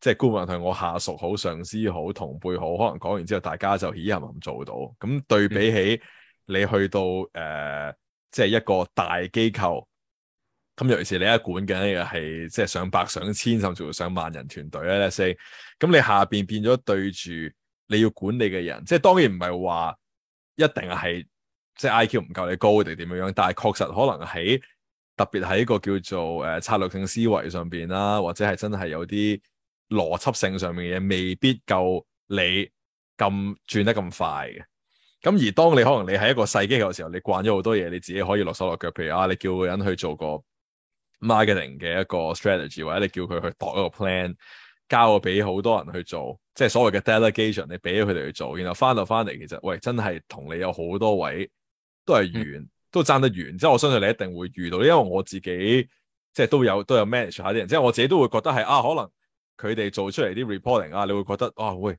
即係顧問同我下屬好、上司好、同輩好，可能講完之後大家就咦，係咪咁做到？咁對比起、嗯、你去到誒、呃，即係一個大機構。咁尤其是你一管緊呢個係即係上百、上千，甚至乎上萬人團隊咧。阿 s 咁你下邊變咗對住你要管理嘅人，即係當然唔係話一定係即係 IQ 唔夠你高定點樣樣，但係確實可能喺特別喺一個叫做誒、呃、策略性思維上邊啦，或者係真係有啲邏輯性上面嘅嘢，未必夠你咁轉得咁快嘅。咁而當你可能你喺一個細機構嘅時候，你慣咗好多嘢，你自己可以落手落腳，譬如啊，你叫個人去做個。marketing 嘅一個 strategy，或者你叫佢去度一個 plan，交我俾好多人去做，即係所謂嘅 delegation，你俾咗佢哋去做，然後翻到翻嚟，其實喂，真係同你有好多位都係完，嗯、都爭得完。即係我相信你一定會遇到，因為我自己即係都有都有 manage 下啲人，即係我自己都會覺得係啊，可能佢哋做出嚟啲 reporting 啊，你會覺得啊，喂，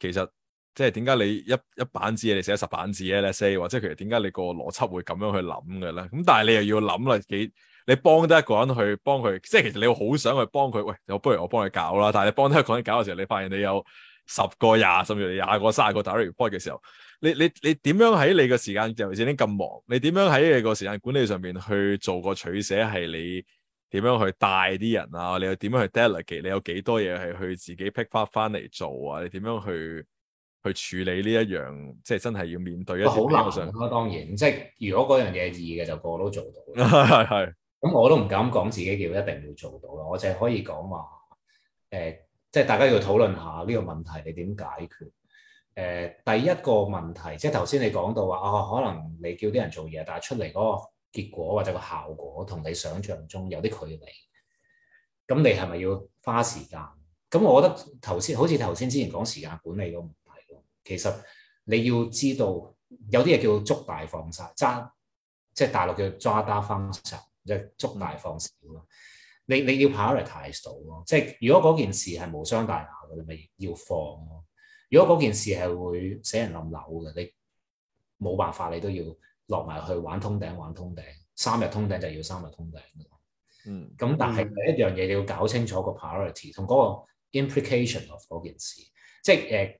其實即係點解你一一板字你寫咗十版字 let's say 或者其實點解你個邏輯會咁樣去諗嘅咧？咁但係你又要諗啦，幾？你幫得一個人去幫佢，即係其實你好想去幫佢，喂，就不如我幫你搞啦。但係你幫得一個人搞嘅時候，你發現你有十個、廿甚至廿個、卅個打 report 嘅時候，你你你點樣喺你個時間尤其係咁忙？你點樣喺你個時間管理上面去做個取捨？係你點樣去帶啲人啊？你又點樣去 delegate？你有幾多嘢係去自己 pick 翻翻嚟做啊？你點樣去去處理呢一樣？即係真係要面對一上。好難啊，當然，即係如果嗰樣嘢易嘅，就個個都做到。係係。咁我都唔敢講自己叫一定要做到咯，我淨係可以講話誒，即、呃、係、就是、大家要討論下呢個問題，你點解決？誒、呃，第一個問題，即係頭先你講到話，哦，可能你叫啲人做嘢，但係出嚟嗰個結果或者個效果同你想象中有啲距離，咁你係咪要花時間？咁我覺得頭先好似頭先之前講時間管理嘅問題，其實你要知道，有啲嘢叫「捉大放晒」，揸即係大陸叫「抓大放晒」。即係捉大放小咯，你你要 priority 太少咯，即係如果嗰件事係無傷大雅嘅，你咪要放咯，如果嗰件事係會死人冧樓嘅，你冇辦法，你都要落埋去玩通頂玩通頂，三日通頂就要三日通頂。嗯，咁但係第一樣嘢你要搞清楚個 priority 同嗰個 implication of 嗰件事，即係誒，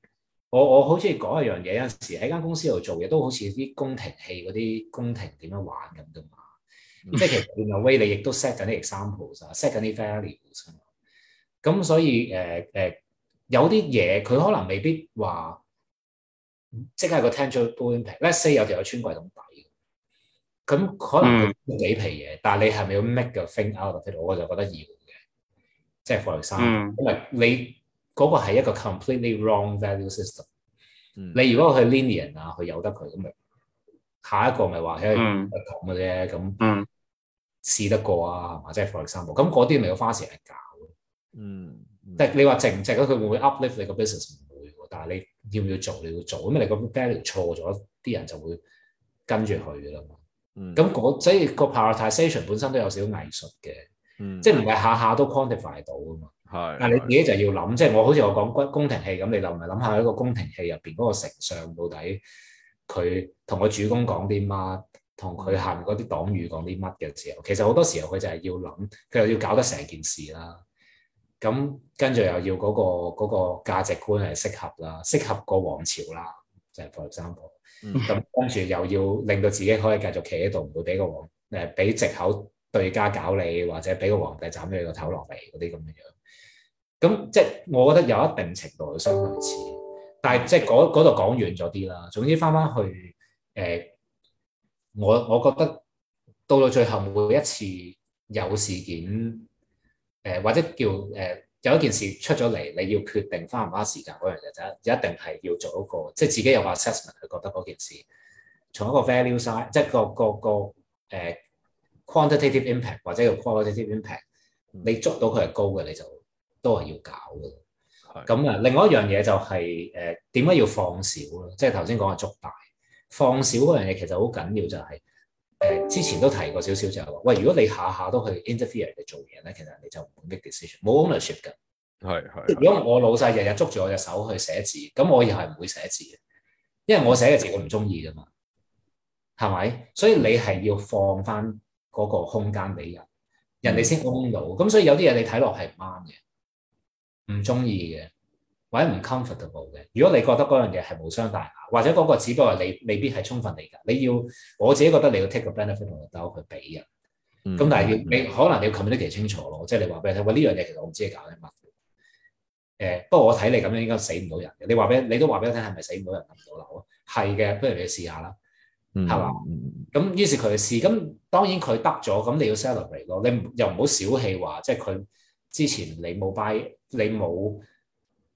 我我好似講一樣嘢，有陣時喺間公司度做嘢都好似啲宮廷戲嗰啲宮廷點樣玩咁噶嘛。嗯、即係其實原來威利亦都 set 緊啲 examples 啊，set 緊啲 values 咁所以誒誒、呃呃，有啲嘢佢可能未必話即係個 tentative、嗯。Let's say 有條有穿櫃桶底咁可能幾皮嘢，但係你係咪要 make 個 thing out of it？我就覺得要嘅，即係課程三，嗯、因為你嗰、那個係一個 completely wrong value system、嗯。你如果去 linear 啊，佢有得佢咁咪，下一個咪話係咁嘅啫咁。嗯嗯嗯試得過啊，或者係 for example，咁嗰啲咪要花時間去搞咯、嗯，嗯。即係你話值唔值咧？佢會唔會 uplift 你個 business？唔會喎。但係你要唔要做？你要做咁你嚟個 value 錯咗，啲人就會跟住去噶啦嘛。嗯。咁、那個、所以個 prioritization、嗯、本身都有少少藝術嘅，嗯、即係唔係下下都 quantify 到㗎嘛？係是。但你自己就要諗，即係的我好似我講宮宮廷戲咁，你諗咪諗下一個宮廷戲入邊嗰個丞相到底佢同個主公講啲乜？同佢行嗰啲黨羽講啲乜嘅時候，其實好多時候佢就係要諗，佢又要搞得成件事啦。咁跟住又要嗰、嗰個嗰、嗰個價值觀係適合啦，適合個王朝啦，就係 for example。咁、嗯、跟住又要令到自己可以繼續企喺度，唔會俾個皇，誒俾藉口對家搞你，或者俾個皇帝斬咗你個頭落嚟嗰啲咁嘅樣。咁即係我覺得有一定程度嘅相，相類似，但係即係嗰度講遠咗啲啦。總之翻翻去誒。欸我我覺得到到最後每一次有事件，誒、呃、或者叫誒、呃、有一件事出咗嚟，你要決定花唔花時間樣嘢，就一定係要做一個即係自己有 assessment 去覺得件事，從一個 value side，即係個，個個個誒、呃、quantitative impact 或者個 qualitative impact，你捉到佢係高嘅，你就都係要搞嘅。咁啊是的，另外一、就是呃、樣嘢就係誒點解要放少咯，即係頭先講嘅捉大。放少嗰樣嘢其實好緊要，就係誒之前都提過少少就係話，喂如果你下下都去 interfere 嚟做嘢咧，其實你就唔會 make decision 冇 ownership 㗎。係係。如果我老細日日捉住我隻手去寫字，咁我又係唔會寫字嘅，因為我寫嘅字我唔中意㗎嘛，係咪？所以你係要放翻嗰個空間俾人，人哋先 own 到。咁所以有啲嘢你睇落係唔啱嘅，唔中意嘅。或者唔 comfortable 嘅，如果你覺得嗰樣嘢係無傷大雅，或者嗰個只不過係你未必係充分嚟㗎，你要我自己覺得你要 take 個 benefit 同個 down 去俾人。咁、嗯、但係你、嗯、可能你要 communicate 呢清楚咯，即係、嗯、你話俾人聽，喂呢樣嘢其實我唔知你搞緊乜誒，不過我睇你咁樣應該死唔到人嘅。你話俾你都話俾我聽係咪死唔到人冧唔到樓啊？係嘅，不如你試下啦，係嘛？咁於是佢去試，咁當然佢得咗，咁你要 sell 落嚟咯。你又唔好小氣話，即係佢之前你冇 buy，你冇。你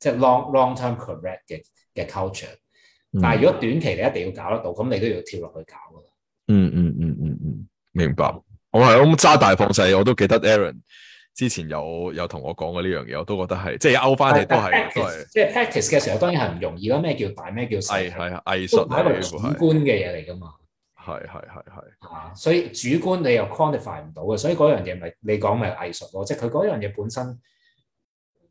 即係 long long-term correct 嘅嘅 culture，但係如果短期你一定要搞得到，咁你都要跳落去搞㗎、嗯。嗯嗯嗯嗯嗯，明白。我係咁揸大放細， 我都記得 Aaron 之前有有同我講過呢樣嘢，我都覺得係，即係勾翻嚟都係是，ice, 都係是。即係 practice 嘅時候當然係唔容易啦。咩叫大，咩叫細？係係藝術嘅係一個主觀嘅嘢嚟㗎嘛。係係係係。啊， 所以主觀你又 quantify 唔到嘅，所以嗰樣嘢咪你講咪藝術咯。即係佢嗰樣嘢本身。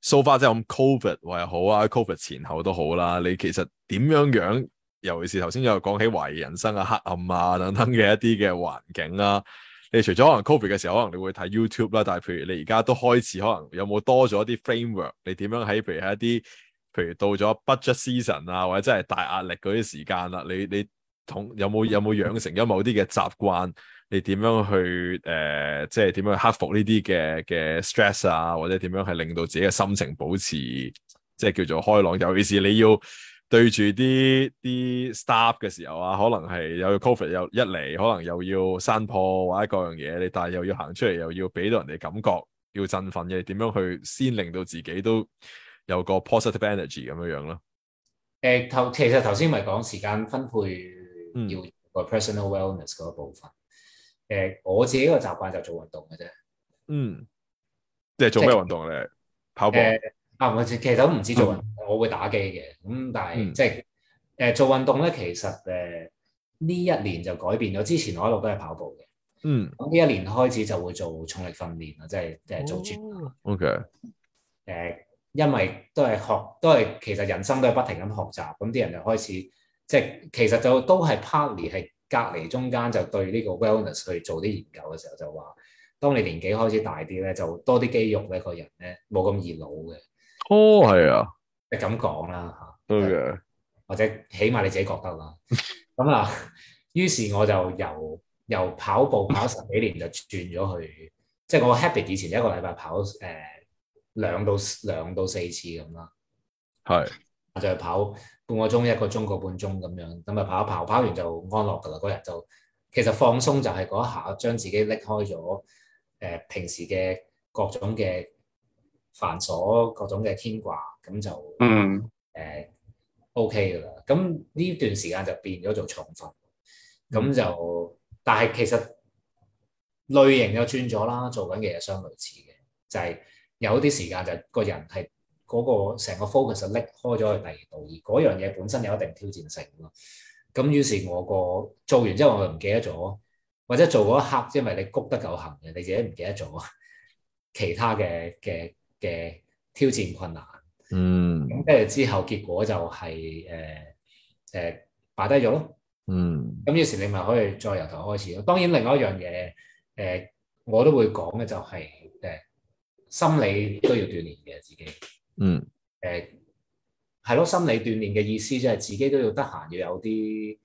So far，即係咁，Covid 話又好啊，Covid 前後都好啦。你其實點樣樣？尤其是頭先又講起懷疑人生啊、黑暗啊等等嘅一啲嘅環境啊。你除咗可能 Covid 嘅時候，可能你會睇 YouTube 啦。但係譬如你而家都開始，可能有冇多咗一啲 framework？你點樣喺譬如喺一啲譬如到咗 budget season 啊，或者真係大壓力嗰啲時間啦？你你同有冇有冇養成咗某啲嘅習慣？你點樣去誒、呃？即係點樣克服呢啲嘅嘅 stress 啊？或者點樣係令到自己嘅心情保持即係叫做開朗？尤其是你要對住啲啲 staff 嘅時候啊，可能係有 COVID 又一嚟，可能又要山破或者各樣嘢，你但係又要行出嚟，又要俾到人哋感覺要振奮嘅，點樣去先令到自己都有個 positive energy 咁樣樣咯？誒、呃，頭其實頭先咪講時間分配要個 personal wellness 嗰個部分。嗯誒，我自己個習慣就做運動嘅啫、嗯嗯。嗯，即係、就是嗯呃、做咩運動咧？跑步。誒，啊，唔係，其實都唔止做運動，我會打機嘅。咁但係即係誒做運動咧，其實誒呢、呃、一年就改變咗。之前我一路都係跑步嘅。嗯，咁呢一年開始就會做重力訓練啦，即係即係做專業 O K。誒、哦 okay. 呃，因為都係學，都係其實人生都係不停咁學習。咁啲人就開始，即、就、係、是、其實就都係 partly 係。隔離中間就對呢個 wellness 去做啲研究嘅時候就話，當你年紀開始大啲咧，就多啲肌肉咧，個人咧冇咁易老嘅。哦、喔，係啊，um, 你係咁講啦嚇。o okay. 或者起碼你自己覺得啦。咁、mm. 啊，於是我就由由跑步跑十幾年就轉咗去， 即係我 habit 以前一個禮拜跑誒、嗯、兩到兩到四次咁啦。係是。我就去跑。半個鐘、一個鐘、個半鐘咁樣，咁咪跑一跑跑完就安樂噶啦。個人就其實放鬆就係嗰一下，將自己拎開咗。誒、呃，平時嘅各種嘅煩瑣、各種嘅牽掛，咁就誒、呃嗯、OK 噶啦。咁呢段時間就變咗做重訓，咁就但係其實類型又轉咗啦。做緊嘅嘢相類似嘅，就係、是、有啲時間就個人係。嗰個成個 focus 就拎開咗去第二度，而嗰樣嘢本身有一定挑戰性咯。咁於是我，我個做完之後，我唔記得咗，或者做嗰一刻，因為你谷得夠狠嘅，你自己唔記得咗其他嘅嘅嘅挑戰困難。嗯。咁跟住之後結果就係誒誒擺低咗咯。嗯、呃。咁、呃 mm. 於是你咪可以再由頭開始咯。當然，另外一樣嘢誒、呃、我都會講嘅就係、是、誒、呃、心理都要鍛煉嘅自己。嗯，誒、mm，係、hmm. 咯、uh,，心理鍛煉嘅意思即係自己都要得閒要有啲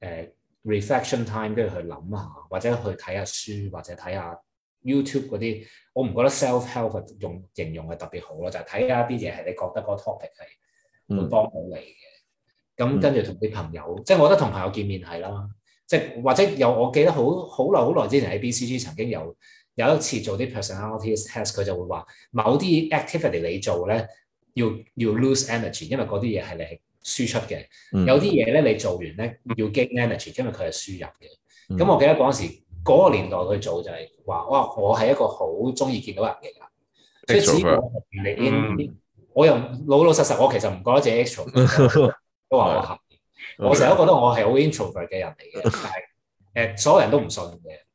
誒、uh, reflection time 跟住去諗下，或者去睇下書，或者睇下 YouTube 嗰啲，我唔覺得 self help 用形容係特別好咯，就睇、是、下啲嘢係你覺得個 topic 係會幫到你嘅。咁、mm hmm. 跟住同啲朋友，mm hmm. 即係我覺得同朋友見面係啦，即係或者有我記得好好耐好耐之前喺 BCG 曾經有。有一次做啲 personality test，佢就會話某啲 activity 你做咧要要 lose energy，因為嗰啲嘢係你係輸出嘅。Mm. 有啲嘢咧你做完咧要 gain energy，因為佢係輸入嘅。咁、mm. 我記得嗰陣時嗰、那個年代去做就係、是、話：哇，我係一個好中意見到人嘅人，即係只我又 老老實實，我其實唔覺得自己 extrovert 都話我合。Okay. 我成日都覺得我係好 introvert 嘅人嚟嘅，但係所有人都唔信嘅。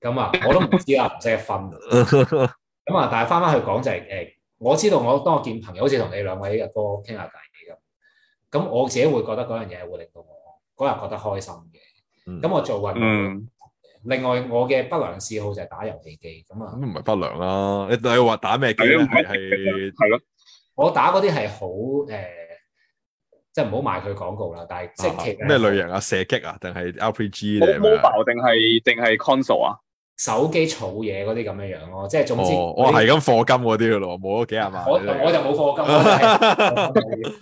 咁 啊，我都唔知啊，唔識一分。咁啊，但係翻翻去講就係、是、誒、欸，我知道我當我見朋友好似同你兩位阿哥傾下偈嘢咁，咁我自己會覺得嗰樣嘢會令到我嗰日覺得開心嘅。咁我做運、嗯、另外，我嘅不良嗜好就係打遊戲機。咁啊，咁唔係不良啦、啊，你你話打咩機咧？係係我打嗰啲係好誒，即係唔好賣佢廣告啦。但係星咩類型啊？射擊啊？定係 RPG 定係 mobile 定係定係 console 啊？手機儲嘢嗰啲咁嘅樣咯，即係總之我係咁課金嗰啲嘅咯，冇咗幾廿萬。我我就冇課金，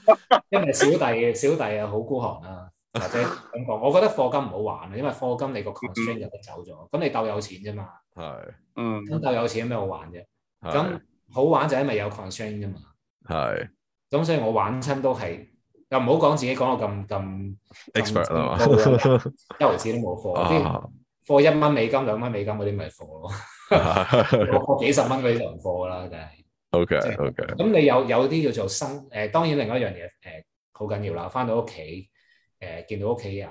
因為小弟小弟啊好孤寒啦，或者咁講。我覺得課金唔好玩啊，因為課金你個 constraint 就走咗，咁你鬥有錢啫嘛。係，嗯，咁鬥有錢有咩好玩啫？咁好玩就因為有 constraint 啫嘛。係，咁所以我玩親都係又唔好講自己講到咁咁 expert 啦嘛，一毫子都冇放。過一蚊美金、兩蚊美金嗰啲咪貨咯，過 幾十蚊嗰啲就唔貨啦，真係。OK，OK。咁你有有啲叫做新誒、呃，當然另外一樣嘢誒，好、呃、緊要啦。翻到屋企誒，見到屋企人，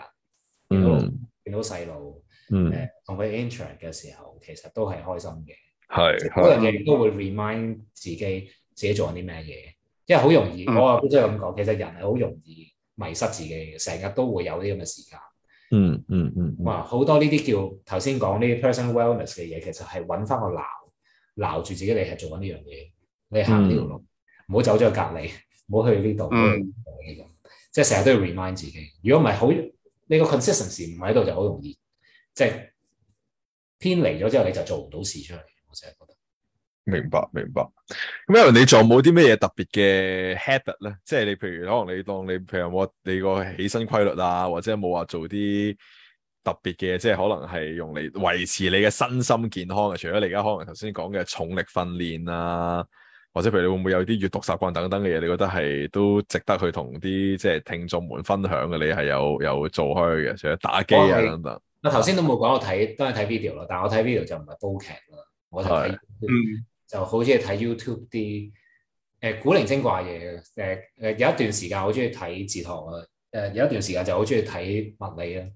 見到、mm. 見到細路，誒同佢 i n t e r n 嘅時候，其實都係開心嘅。係。嗰樣嘢都會 remind 自，自己自己做緊啲咩嘢，因為好容易，mm. 我都真係咁講。其實人係好容易迷失自己嘅，成日都會有啲咁嘅時間。嗯嗯嗯，嗯嗯哇！好多呢啲叫頭先講呢啲 personal wellness 嘅嘢，其實係揾翻個鬧鬧住自己你，你係做緊呢樣嘢，你行呢條路，唔好走咗去隔離，唔好去呢度咁，即係成日都要 remind 自己。如果唔係好，你個 consistency 唔喺度，就好容易即係偏離咗之後，你就做唔到事出嚟。我成日覺得。明白明白。咁阿倫，你仲有冇啲咩嘢特別嘅 habit 咧？即係你譬如可能你當你譬如話你個起身規律啊，或者有冇話做啲特別嘅，即係可能係用嚟維持你嘅身心健康啊？除咗你而家可能頭先講嘅重力訓練啊，或者譬如你會唔會有啲閱讀習慣等等嘅嘢？你覺得係都值得去同啲即係聽眾們分享嘅？你係有有做開嘅？除咗打機啊等等。我頭是先 都冇講，我睇都係睇 video 咯。但我睇 video 就唔係煲劇啦，我睇。是 mm. 就好中意睇 YouTube 啲誒、呃、古靈精怪嘢嘅誒誒有一段時間好中意睇哲學啊誒有一段時間就好中意睇物理啊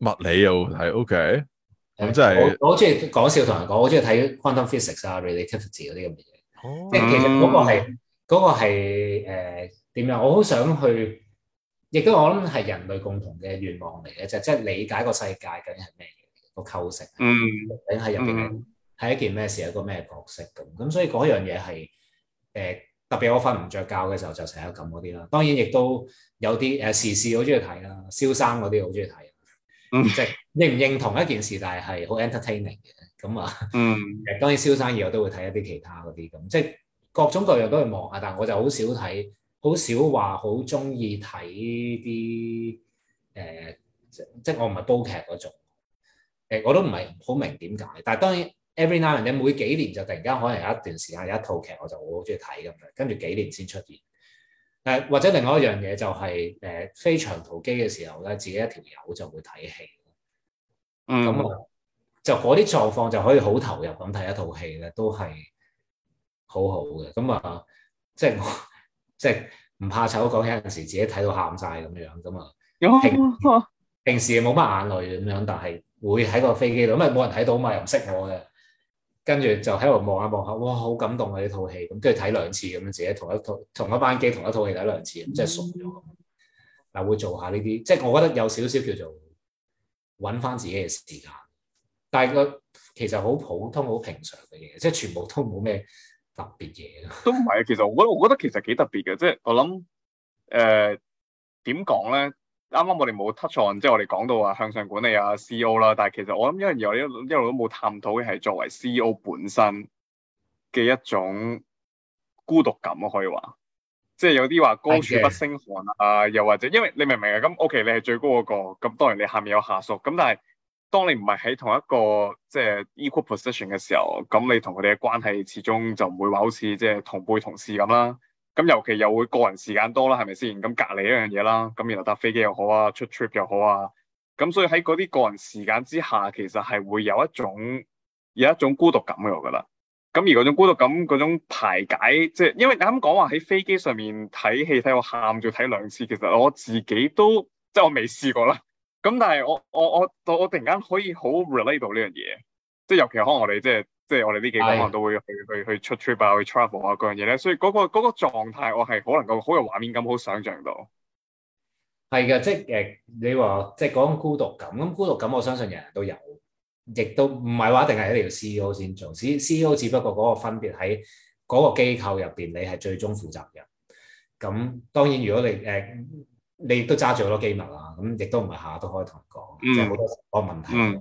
物理又係 O K，咁即係我好中意講笑同人講，我中意睇 quantum physics 啊 relativity 嗰啲咁嘅嘢，即係、嗯、其實嗰個係嗰、嗰個係誒點樣？我好想去，亦都我諗係人類共同嘅願望嚟嘅就即、係、係理解個世界究竟係咩嘢個構成，嗯，係入邊。係一件咩事，一個咩角色咁咁，所以嗰樣嘢係誒特別。我瞓唔着覺嘅時候就成日撳嗰啲啦。當然亦都有啲誒、啊、時事好中意睇啦，蕭生嗰啲好中意睇，嗯、即係認唔認同一件事，但係係好 entertaining 嘅咁啊。嗯，誒當然蕭生以外我都會睇一啲其他嗰啲咁，即係各種各樣都去望下。但係我就好少睇，好少話好中意睇啲誒，即即我唔係煲劇嗰種、呃。我都唔係好明點解，但係當然。Every now and then, 你每幾年就突然間可能有一段時間有一套劇，我就好中意睇咁樣，跟住幾年先出現。誒、uh，或者另外一樣嘢就係誒飛長途機嘅時候咧，自己一條友就會睇戲。嗯、mm。咁、hmm. 就嗰啲狀況就可以好投入咁睇一套戲咧，都係好好嘅。咁啊，即係我即係唔怕醜講，有陣時自己睇到喊晒咁樣。咁啊，平、oh. 平時冇乜眼淚咁樣，但係會喺個飛機度，咁啊冇人睇到啊嘛，又唔識我嘅。跟住就喺度望下望下，哇！好感動啊！呢套戲咁，跟住睇兩次咁樣，自己同一套同一班機同一套戲睇兩次，咁真係熟咗。嗱，會做下呢啲，即係我覺得有少少叫做搵翻自己嘅時間。但係個其實好普通、好平常嘅嘢，即係全部都冇咩特別嘢。都唔係啊！其實我覺得我覺得其實幾特別嘅，即係我諗誒點講咧？呃啱啱我哋冇 touch on，即係我哋講到話向上管理啊，CEO 啦，但係其實我諗一樣嘢，我一一,一路都冇探討嘅係作為 CEO 本身嘅一種孤獨感咯，可以話，即係有啲話高處不勝寒啊，又或者因為你明唔明啊？咁 OK 你係最高嗰個，咁當然你下面有下屬，咁但係當你唔係喺同一個即係 equal position 嘅時候，咁你同佢哋嘅關係始終就唔會話好似即係同輩同事咁啦。咁尤其又會個人時間多啦，係咪先？咁隔離一樣嘢啦，咁然後搭飛機又好啊，出 trip 又好啊，咁所以喺嗰啲個人時間之下，其實係會有一種有一種孤獨感嘅，我覺得。咁而嗰種孤獨感嗰種排解，即係因為你啱講話喺飛機上面睇戲睇我喊住睇兩次，其實我自己都即係我未試過啦。咁但係我我我我突然間可以好 relate 到呢樣嘢，即係尤其可能我哋即係。即係我哋呢幾個人都會去去去出 trip 啊、去 travel 啊嗰樣嘢咧，所以嗰個嗰個狀態，我係好能夠好有畫面感，好想像到。係嘅，即係誒，你話即係講孤獨感，咁孤獨感我相信人人都有，亦都唔係話一定係一定要 C E O 先做，C C E O 只不過嗰個分別喺嗰個機構入邊，你係最終負責人。咁當然，如果你誒你都揸住好多機密啊，咁亦都唔係下下都可以同人講，即係好多個問題。Mm. Mm.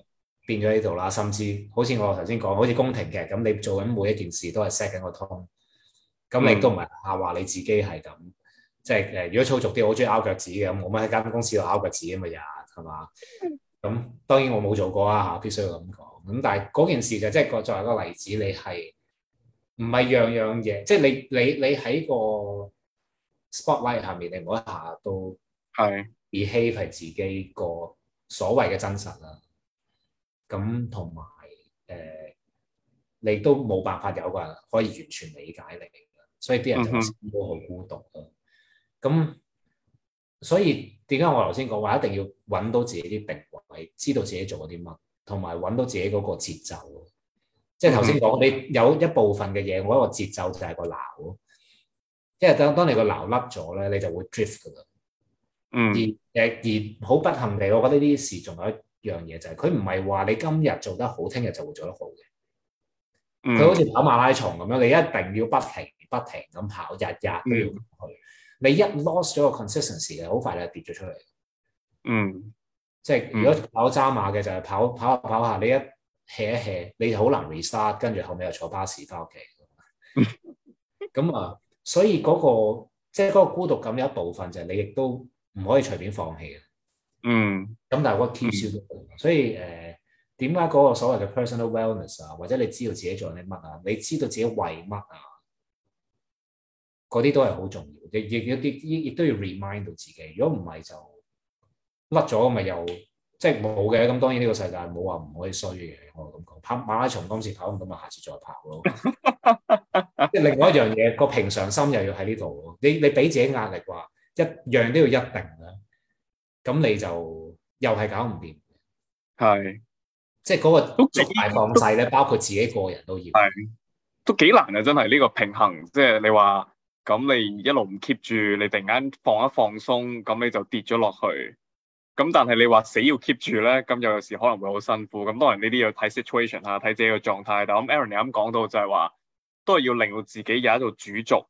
變咗呢度啦，甚至好似我頭先講，好似宮廷劇咁，你做緊每一件事都係 set 緊個 tone，咁你都唔係話話你自己係咁，嗯、即係誒，如果粗俗啲，我好中意拗腳趾嘅，咁冇乜喺間公司度拗腳趾啊嘛，係嘛？咁、嗯、當然我冇做過啦，嚇、啊，我必須要咁講，咁但係嗰件事就係、即係作作為一個例子，你係唔係樣樣嘢，即係你你你喺個 spotlight 下面，你唔好一下都 behave 係自己個所謂嘅真實啦。咁同埋誒，你都冇辦法有個人可以完全理解你，所以啲人就始終好孤獨咯。咁、嗯、哼所以點解我頭先講話一定要揾到自己啲定位，知道自己做咗啲乜，同埋揾到自己嗰個節奏。即係頭先講，嗯、哼你有一部分嘅嘢，我一個節奏就係個鬧。因為當當你個鬧笠咗咧，你就會 drift 㗎啦。嗯。而而好不幸地，我覺得呢啲事仲有。一樣嘢就係佢唔係話你今日做得好，聽日就會做得好嘅。佢好似跑馬拉松咁樣，你一定要不停不停咁跑，日日都要去。嗯、你一 lost 咗個 consistency，好快就跌咗出嚟。嗯，即係如果跑渣馬嘅就係、是、跑跑下跑下，你一歇一歇，你好難 restart。跟住後尾又坐巴士返屋企。咁啊， 所以嗰、那個即係嗰個孤獨感有一部分就係、是、你亦都唔可以隨便放棄嘅。嗯，咁但係我 keep 住，所以誒，點解嗰個所謂嘅 personal wellness 啊，或者你知道自己做緊啲乜啊，你知道自己為乜啊，嗰啲都係好重要，亦亦一啲亦都要 remind 到自己，如果唔係就甩咗咪又即係冇嘅。咁當然呢個世界冇話唔可以衰嘅，我咁講跑馬拉松當時跑唔到咪下次再跑咯，即係 另外一樣嘢，個平常心又要喺呢度咯，你你俾自己壓力話一,一樣都要一定嘅。咁你就又係搞唔掂，係是，即係嗰個抓大放小，咧都，包括自己個人都要，都幾難啊！真係呢個平衡，即係你話咁，你一路唔 keep 住，你突然間放一放鬆，咁你就跌咗落去。咁但係你話死要 keep 住咧，咁有時可能會好辛苦。咁當然呢啲要睇 situation 啊，睇自己嘅狀態。但係咁 Aaron 你啱講到就係話，都係要令到自己有一度主軸，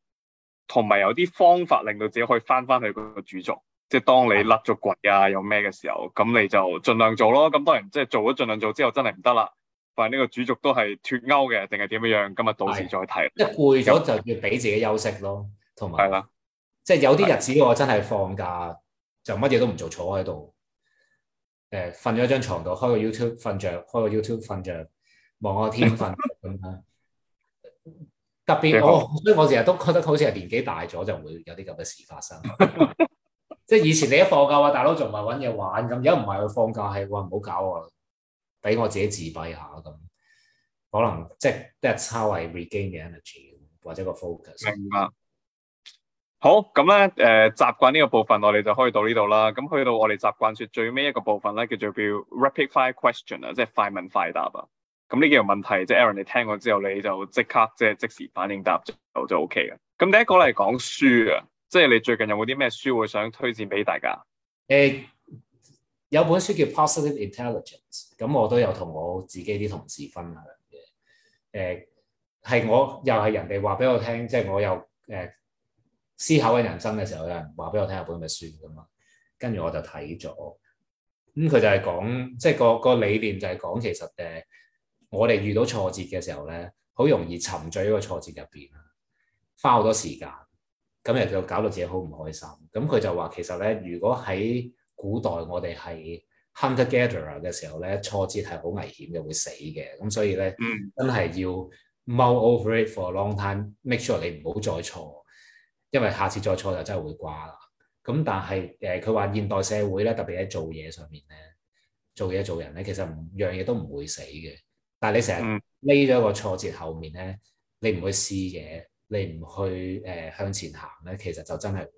同埋有啲方法令到自己可以翻翻去嗰個主軸。即係當你甩咗骨啊，有咩嘅時候，咁你就盡量做咯。咁當然，即係做咗盡量做之後真，真係唔得啦。但係呢個主軸都係脫鈎嘅，定係點樣樣？今日到時再睇。一攰咗就要俾自己休息咯，同埋的即係有啲日子我真係放假的就乜嘢都唔做，坐喺度誒瞓咗張床度，開個 YouTube 瞓着，開個 YouTube 瞓着。望下天瞓咁樣。 特別我，好所以我成日都覺得好似係年紀大咗就會有啲咁嘅事發生。 即係以前你一放假話，大佬仲唔係揾嘢玩咁，而家唔係去放假係話唔好搞我，俾我自己自閉下咁，可能即係 That's how I regain 嘅 energy 或者個 focus。明白。好咁咧，誒、呃、習慣呢個部分我哋就可以到呢度啦。咁去到我哋習慣説最尾一個部分咧，叫做叫 rapid fire question 啊，即係快問快答啊。咁呢幾個問題，即係 Aaron 你聽過之後你就即刻即係即時反應答就就 OK 嘅。咁第一個嚟講書啊。即係你最近有冇啲咩書會想推薦俾大家？誒、欸，有本書叫《Positive Intelligence》，咁我都有同我自己啲同事分享嘅。誒、欸，係我又係人哋話俾我聽，就是欸嗯，即係我又誒思考緊人生嘅時候，有人話俾我聽有本咁嘅書噶嘛，跟住我就睇咗。咁佢就係講，即係個個理念就係講，其實誒，我哋遇到挫折嘅時候咧，好容易沉醉喺個挫折入邊啊，花好多時間。咁又就搞到自己好唔開心。咁佢就話：其實咧，如果喺古代我哋係 hunter gatherer 嘅時候咧，挫折係好危險嘅，會死嘅。咁所以咧，mm. 真係要 mull over it for a long time，make sure 你唔好再錯，因為下次再錯就真係會掛啦。咁但係誒，佢話現代社會咧，特別喺做嘢上面咧，做嘢做人咧，其實唔樣嘢都唔會死嘅。但係你成日匿咗個挫折後面咧，你唔會試嘅。你唔去誒、呃、向前行咧，其實就真係會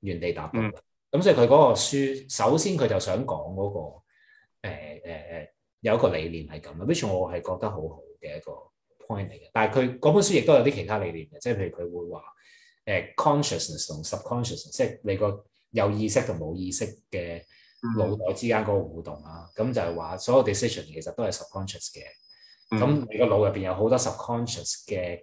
原地踏步咁、嗯、所以佢嗰個書，首先佢就想講嗰、那個誒誒、呃呃、有一個理念係咁啦，which，我係覺得好好嘅一個 point 嚟嘅。但係佢嗰本書亦都有啲其他理念嘅，即係譬如佢會話誒 consciousness 同 subconsciousness 即係你個有意識同冇意識嘅腦袋之間嗰個互動啦。咁、嗯、就係話所有 decision 其實都係 subconscious 嘅。咁、嗯、你個腦入邊有好多 subconscious 嘅。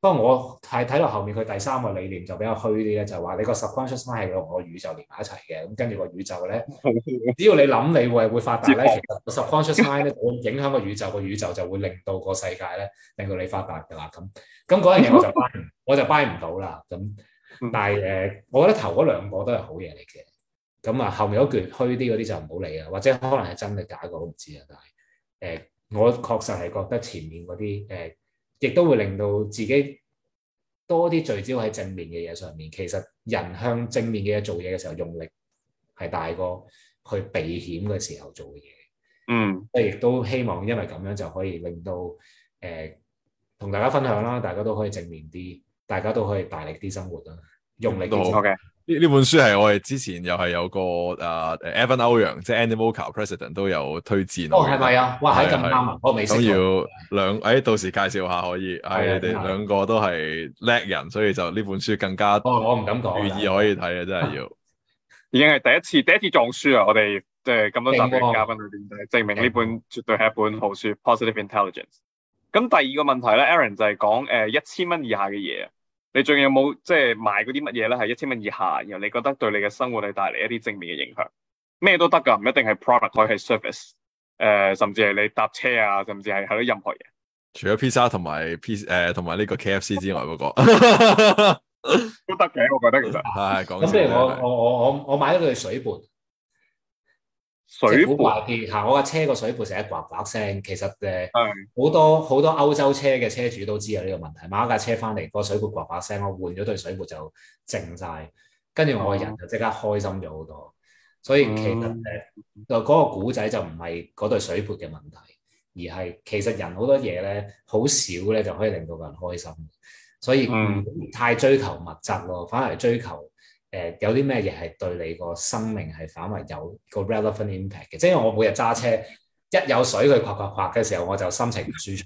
不過我係睇落後面佢第三個理念就比較虛啲咧，就係、是、話你個 subconscious mind 係同我宇宙連埋一齊嘅，咁跟住個宇宙咧，只要你諗你會係會發達咧， 其實 subconscious mind 咧就會影響個宇宙，個宇宙就會令到個世界咧令到你發達嘅啦。咁咁嗰樣嘢就我就掰唔到啦。咁但係誒、呃，我覺得頭嗰兩個都係好嘢嚟嘅。咁啊，後面嗰橛虛啲嗰啲就唔好理啦，或者可能係真係假嘅，我唔知啊。但係誒、呃，我確實係覺得前面嗰啲誒。呃亦都會令到自己多啲聚焦喺正面嘅嘢上面。其實人向正面嘅嘢做嘢嘅時候，用力係大過去避險嘅時候做嘅嘢。嗯，即亦都希望因為咁樣就可以令到誒同、呃、大家分享啦，大家都可以正面啲，大家都可以大力啲生活啦，用力嘅、嗯。呢本書係我哋之前又係有個誒誒 Evan 歐陽即係 Animoca President 都有推薦，哦係咪啊？哇，係咁啱啊！我未都要兩誒、哎，到時介紹下可以。係你哋兩個都係叻人，所以就呢本書更加。哦，我唔敢講。寓意可以睇啊，真係要。已經係第一次，第一次撞書啊！我哋即係咁多集嘅嘉賓裏邊，就證明呢本絕對係一本好書《Positive Intelligence》。咁第二個問題咧，Aaron 就係講誒一千蚊以下嘅嘢你仲有冇即係買嗰啲乜嘢咧？係一千蚊以下，然後你覺得對你嘅生活係帶嚟一啲正面嘅影響？咩都得㗎，唔一定係 product，可以係 service，誒、呃，甚至係你搭車啊，甚至係係咯任何嘢。除咗 pizza 同埋 p 誒同埋呢個 KFC 之外，嗰個 都得嘅，我覺得其實係講。咁不我我我我我買咗對水盆。水壺掛鐵嚇，我架車個水壺成日呱呱聲，其實誒好是多好多歐洲車嘅車主都知有呢個問題。買架車翻嚟個水壺呱呱聲，我換咗對水壺就靜晒，跟住我個人就即刻開心咗好多。嗯、所以其實誒，嗰、那個故仔就唔係嗰對水壺嘅問題，而係其實人好多嘢咧，好少咧就可以令到個人開心。所以唔太追求物質咯，反而追求。誒、呃、有啲咩嘢係對你個生命係反為有個 relevant impact 嘅，即係因為我每日揸車，一有水佢嘩嘩嘩嘅時候，我就心情唔舒暢，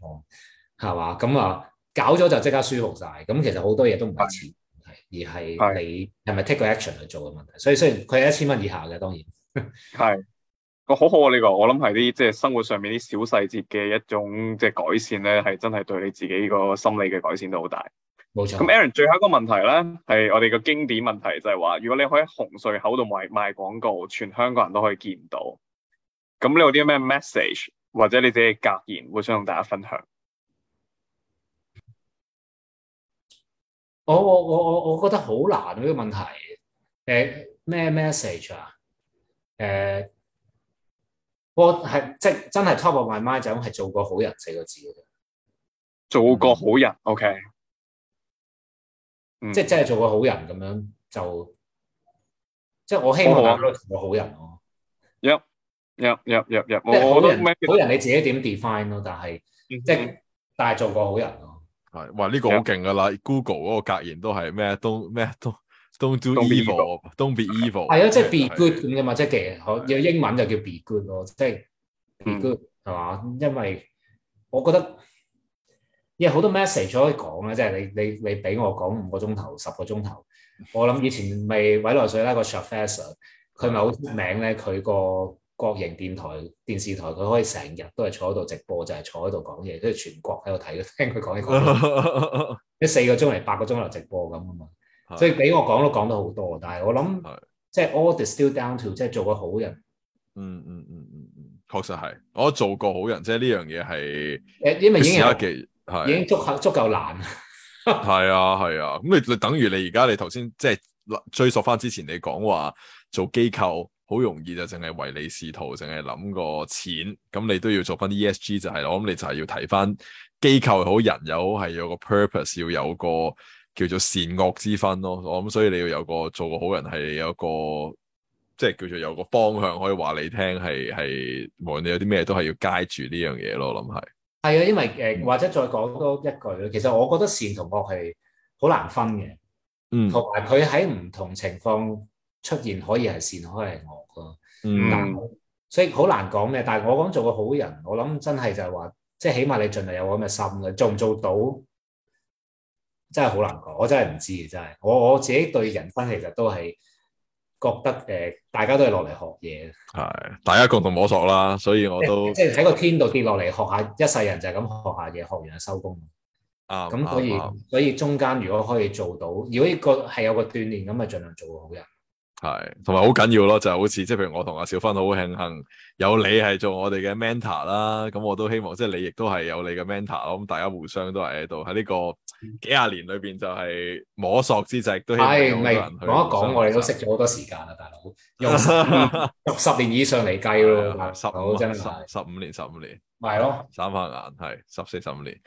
係嘛？咁、嗯、啊搞咗就即刻舒服晒。咁其實好多嘢都唔係錢問題，是而係你係咪 take action 去做嘅問題。是所以雖然佢係一千蚊以下嘅，當然係個好好啊呢、這個，我諗係啲即係生活上面啲小細節嘅一種即係、就是、改善咧，係真係對你自己個心理嘅改善都好大。冇錯。咁 Aaron，最後一個問題咧，係我哋個經典問題，就係、是、話，如果你可以喺紅隧口度賣賣廣告，全香港人都可以見到。咁你有啲咩 message，或者你自己嘅格言，會想同大家分享？我我我我我覺得好難呢、啊這個問題。誒、呃、咩 message 啊？誒、呃，我係即真係 top of my mind 就係做個好人四個字嘅啫。做個好人，OK。即係真係做個好人咁樣，就即係我希望我做個好人咯。Yeah yeah yeah yeah yeah，即係好人，好人你自己點 define 咯？但係即係但係做個好人咯。係哇，呢個好勁噶啦！Google 嗰個格言都係咩？Don't 咩？Don't Don't Do Evil，Don't Be Evil。係啊，即係 Be Good 咁嘅嘛，即係其實英文就叫 Be Good 咯，即係 Be Good 係嘛？因為我覺得。因為好多 message 可以講咧，即、就、係、是、你你你俾我講五個鐘頭、十個鐘頭，我諗以前咪委內瑞拉個 chefessor，佢咪好出名咧。佢個國營電台電視台，佢可以成日都係坐喺度直播，就係、是、坐喺度講嘢，跟住全國喺度睇，聽佢講一講，一四 個鐘嚟八個鐘頭直播咁啊嘛。所以俾我講都講得好多，但係我諗即係 all distill down to 即係做個好人。嗯嗯嗯嗯嗯，嗯，確實係，我做過好人，即係呢樣嘢係。因為已經足下足夠難，係啊係啊，咁你你等於你而家你頭先即係追溯翻之前你講話做機構好容易就淨係唯利是圖，淨係諗個錢，咁你都要做翻啲 ESG 就係、是、咯，咁你就係要提翻機構好人又好，係有,有個 purpose，要有個叫做善惡之分咯，我諗所以你要有個做個好人係有個即係叫做有個方向，可以話你聽係係無論你有啲咩都係要街住呢樣嘢咯，我諗係。係啊，因為誒、呃、或者再講多一句，其實我覺得善同惡係好難分嘅，嗯，同埋佢喺唔同情況出現可以係善可以係惡噶，嗯，但，所以好難講嘅。但係我講做個好人，我諗真係就係話，即、就、係、是、起碼你盡力有咁嘅心噶，做唔做到真係好難講，我真係唔知真係，我我自己對人分其實都係。覺得誒、呃，大家都係落嚟學嘢，係大家共同摸索啦，所以我都即係喺個天度跌落嚟學下一世人，就係咁學下嘢，學完就收工。啊、嗯，咁所以、嗯嗯、所以中間如果可以做到，如果個係有個鍛鍊咁，咪儘量做個好人。係，同埋好緊要咯，就是、好似即係譬如我同阿小芬好慶幸。有你係做我哋嘅 mentor 啦，咁我都希望即係你亦都係有你嘅 mentor 咁大家互相都係喺度喺呢個幾廿年裏邊就係摸索之際，都希望有人去是。係講一講？我哋都識咗好多時間啦，大佬，用十年以上嚟計咯，十好、 啊啊、真係十五年，十五年係咯，眨下眼係十四、十五年。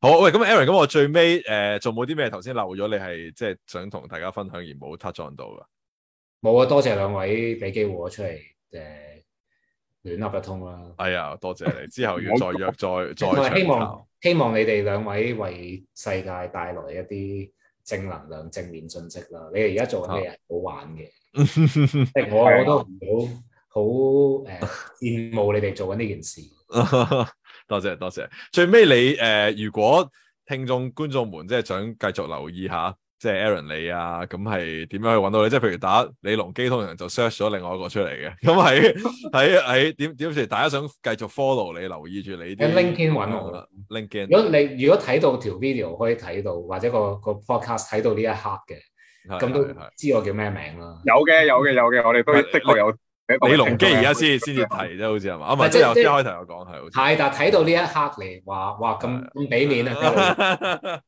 好喂，咁 Aaron 咁我最尾誒，仲冇啲咩頭先漏咗？你係即係想同大家分享而冇 touch on 到噶？冇啊，多謝兩位俾機會我出嚟誒。呃呃亂噏一通啦，係啊、哎，多謝你。之後要再約， 再再希。希望希望你哋兩位為世界帶來一啲正能量、正面信息啦。你哋而家做緊咩嘢好玩嘅， 我我都好好誒羨慕你哋做緊呢件事。 多謝多謝，最尾你誒、呃，如果聽眾觀眾們即係想繼續留意下。即係 Aaron 你啊，咁係點樣去揾到你？即係譬如打李龍基，通常就 search 咗另外一個出嚟嘅。咁喺喺喺點點？譬如大家想繼續 follow 你，留意住你啲。喺 LinkedIn 揾我，LinkedIn。如果你如果睇到條 video 可以睇到，或者個個 podcast 睇到呢一刻嘅，咁都知我叫咩名啦。有嘅，有嘅，有嘅，我哋都的確有。李龍基而家先先至提，啫，好似係嘛？唔係即係先開頭我講係。係，但睇到呢一刻嚟話，哇咁咁俾面啊！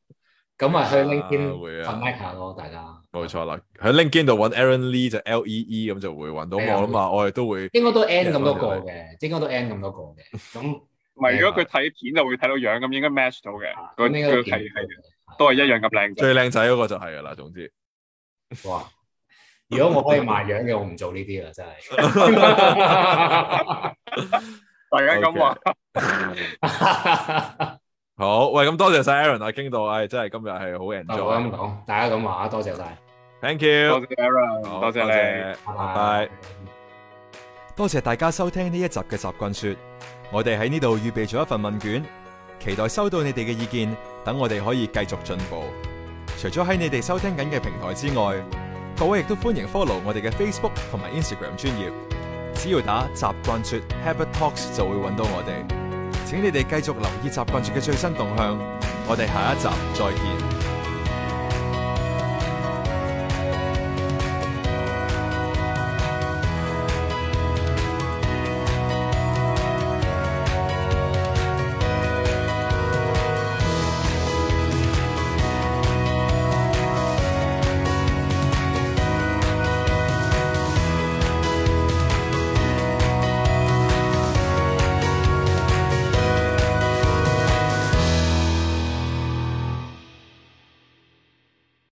咁咪去 LinkedIn 咯，啊啊，大家冇錯啦。喺 LinkedIn 度揾 Aaron Lee 就 L E E 咁就會揾到、啊、我啦嘛。我哋都會應該都 e n d 咁多個嘅，啊，應該都 e n d 咁多個嘅。咁唔係如果佢睇片就會睇到樣咁，應該 match 到嘅。佢佢應該都係一樣咁靚。啊，最靚仔嗰個就係啦。總之，哇！如果我可以賣樣嘅，我唔做呢啲啦，真係。大家咁話。好喂，咁多謝晒 Aaron 啊，傾到，誒、哎，真係今日係好人做。大家咁講，大家咁話，多謝晒，Thank you，多謝 Aaron 多謝你，係 Thank you. 好，多謝大家收聽呢一集嘅習慣說，我哋喺呢度預備咗一份問卷，期待收到你哋嘅意見，等我哋可以繼續進步。除咗喺你哋收聽緊嘅平台之外，各位亦都歡迎 follow 我哋嘅 Facebook 同埋 Instagram 專頁，只要打習慣說 Habit Talks 就會揾到我哋。請你哋繼續留意習慣住嘅最新動向，我哋下一集再見。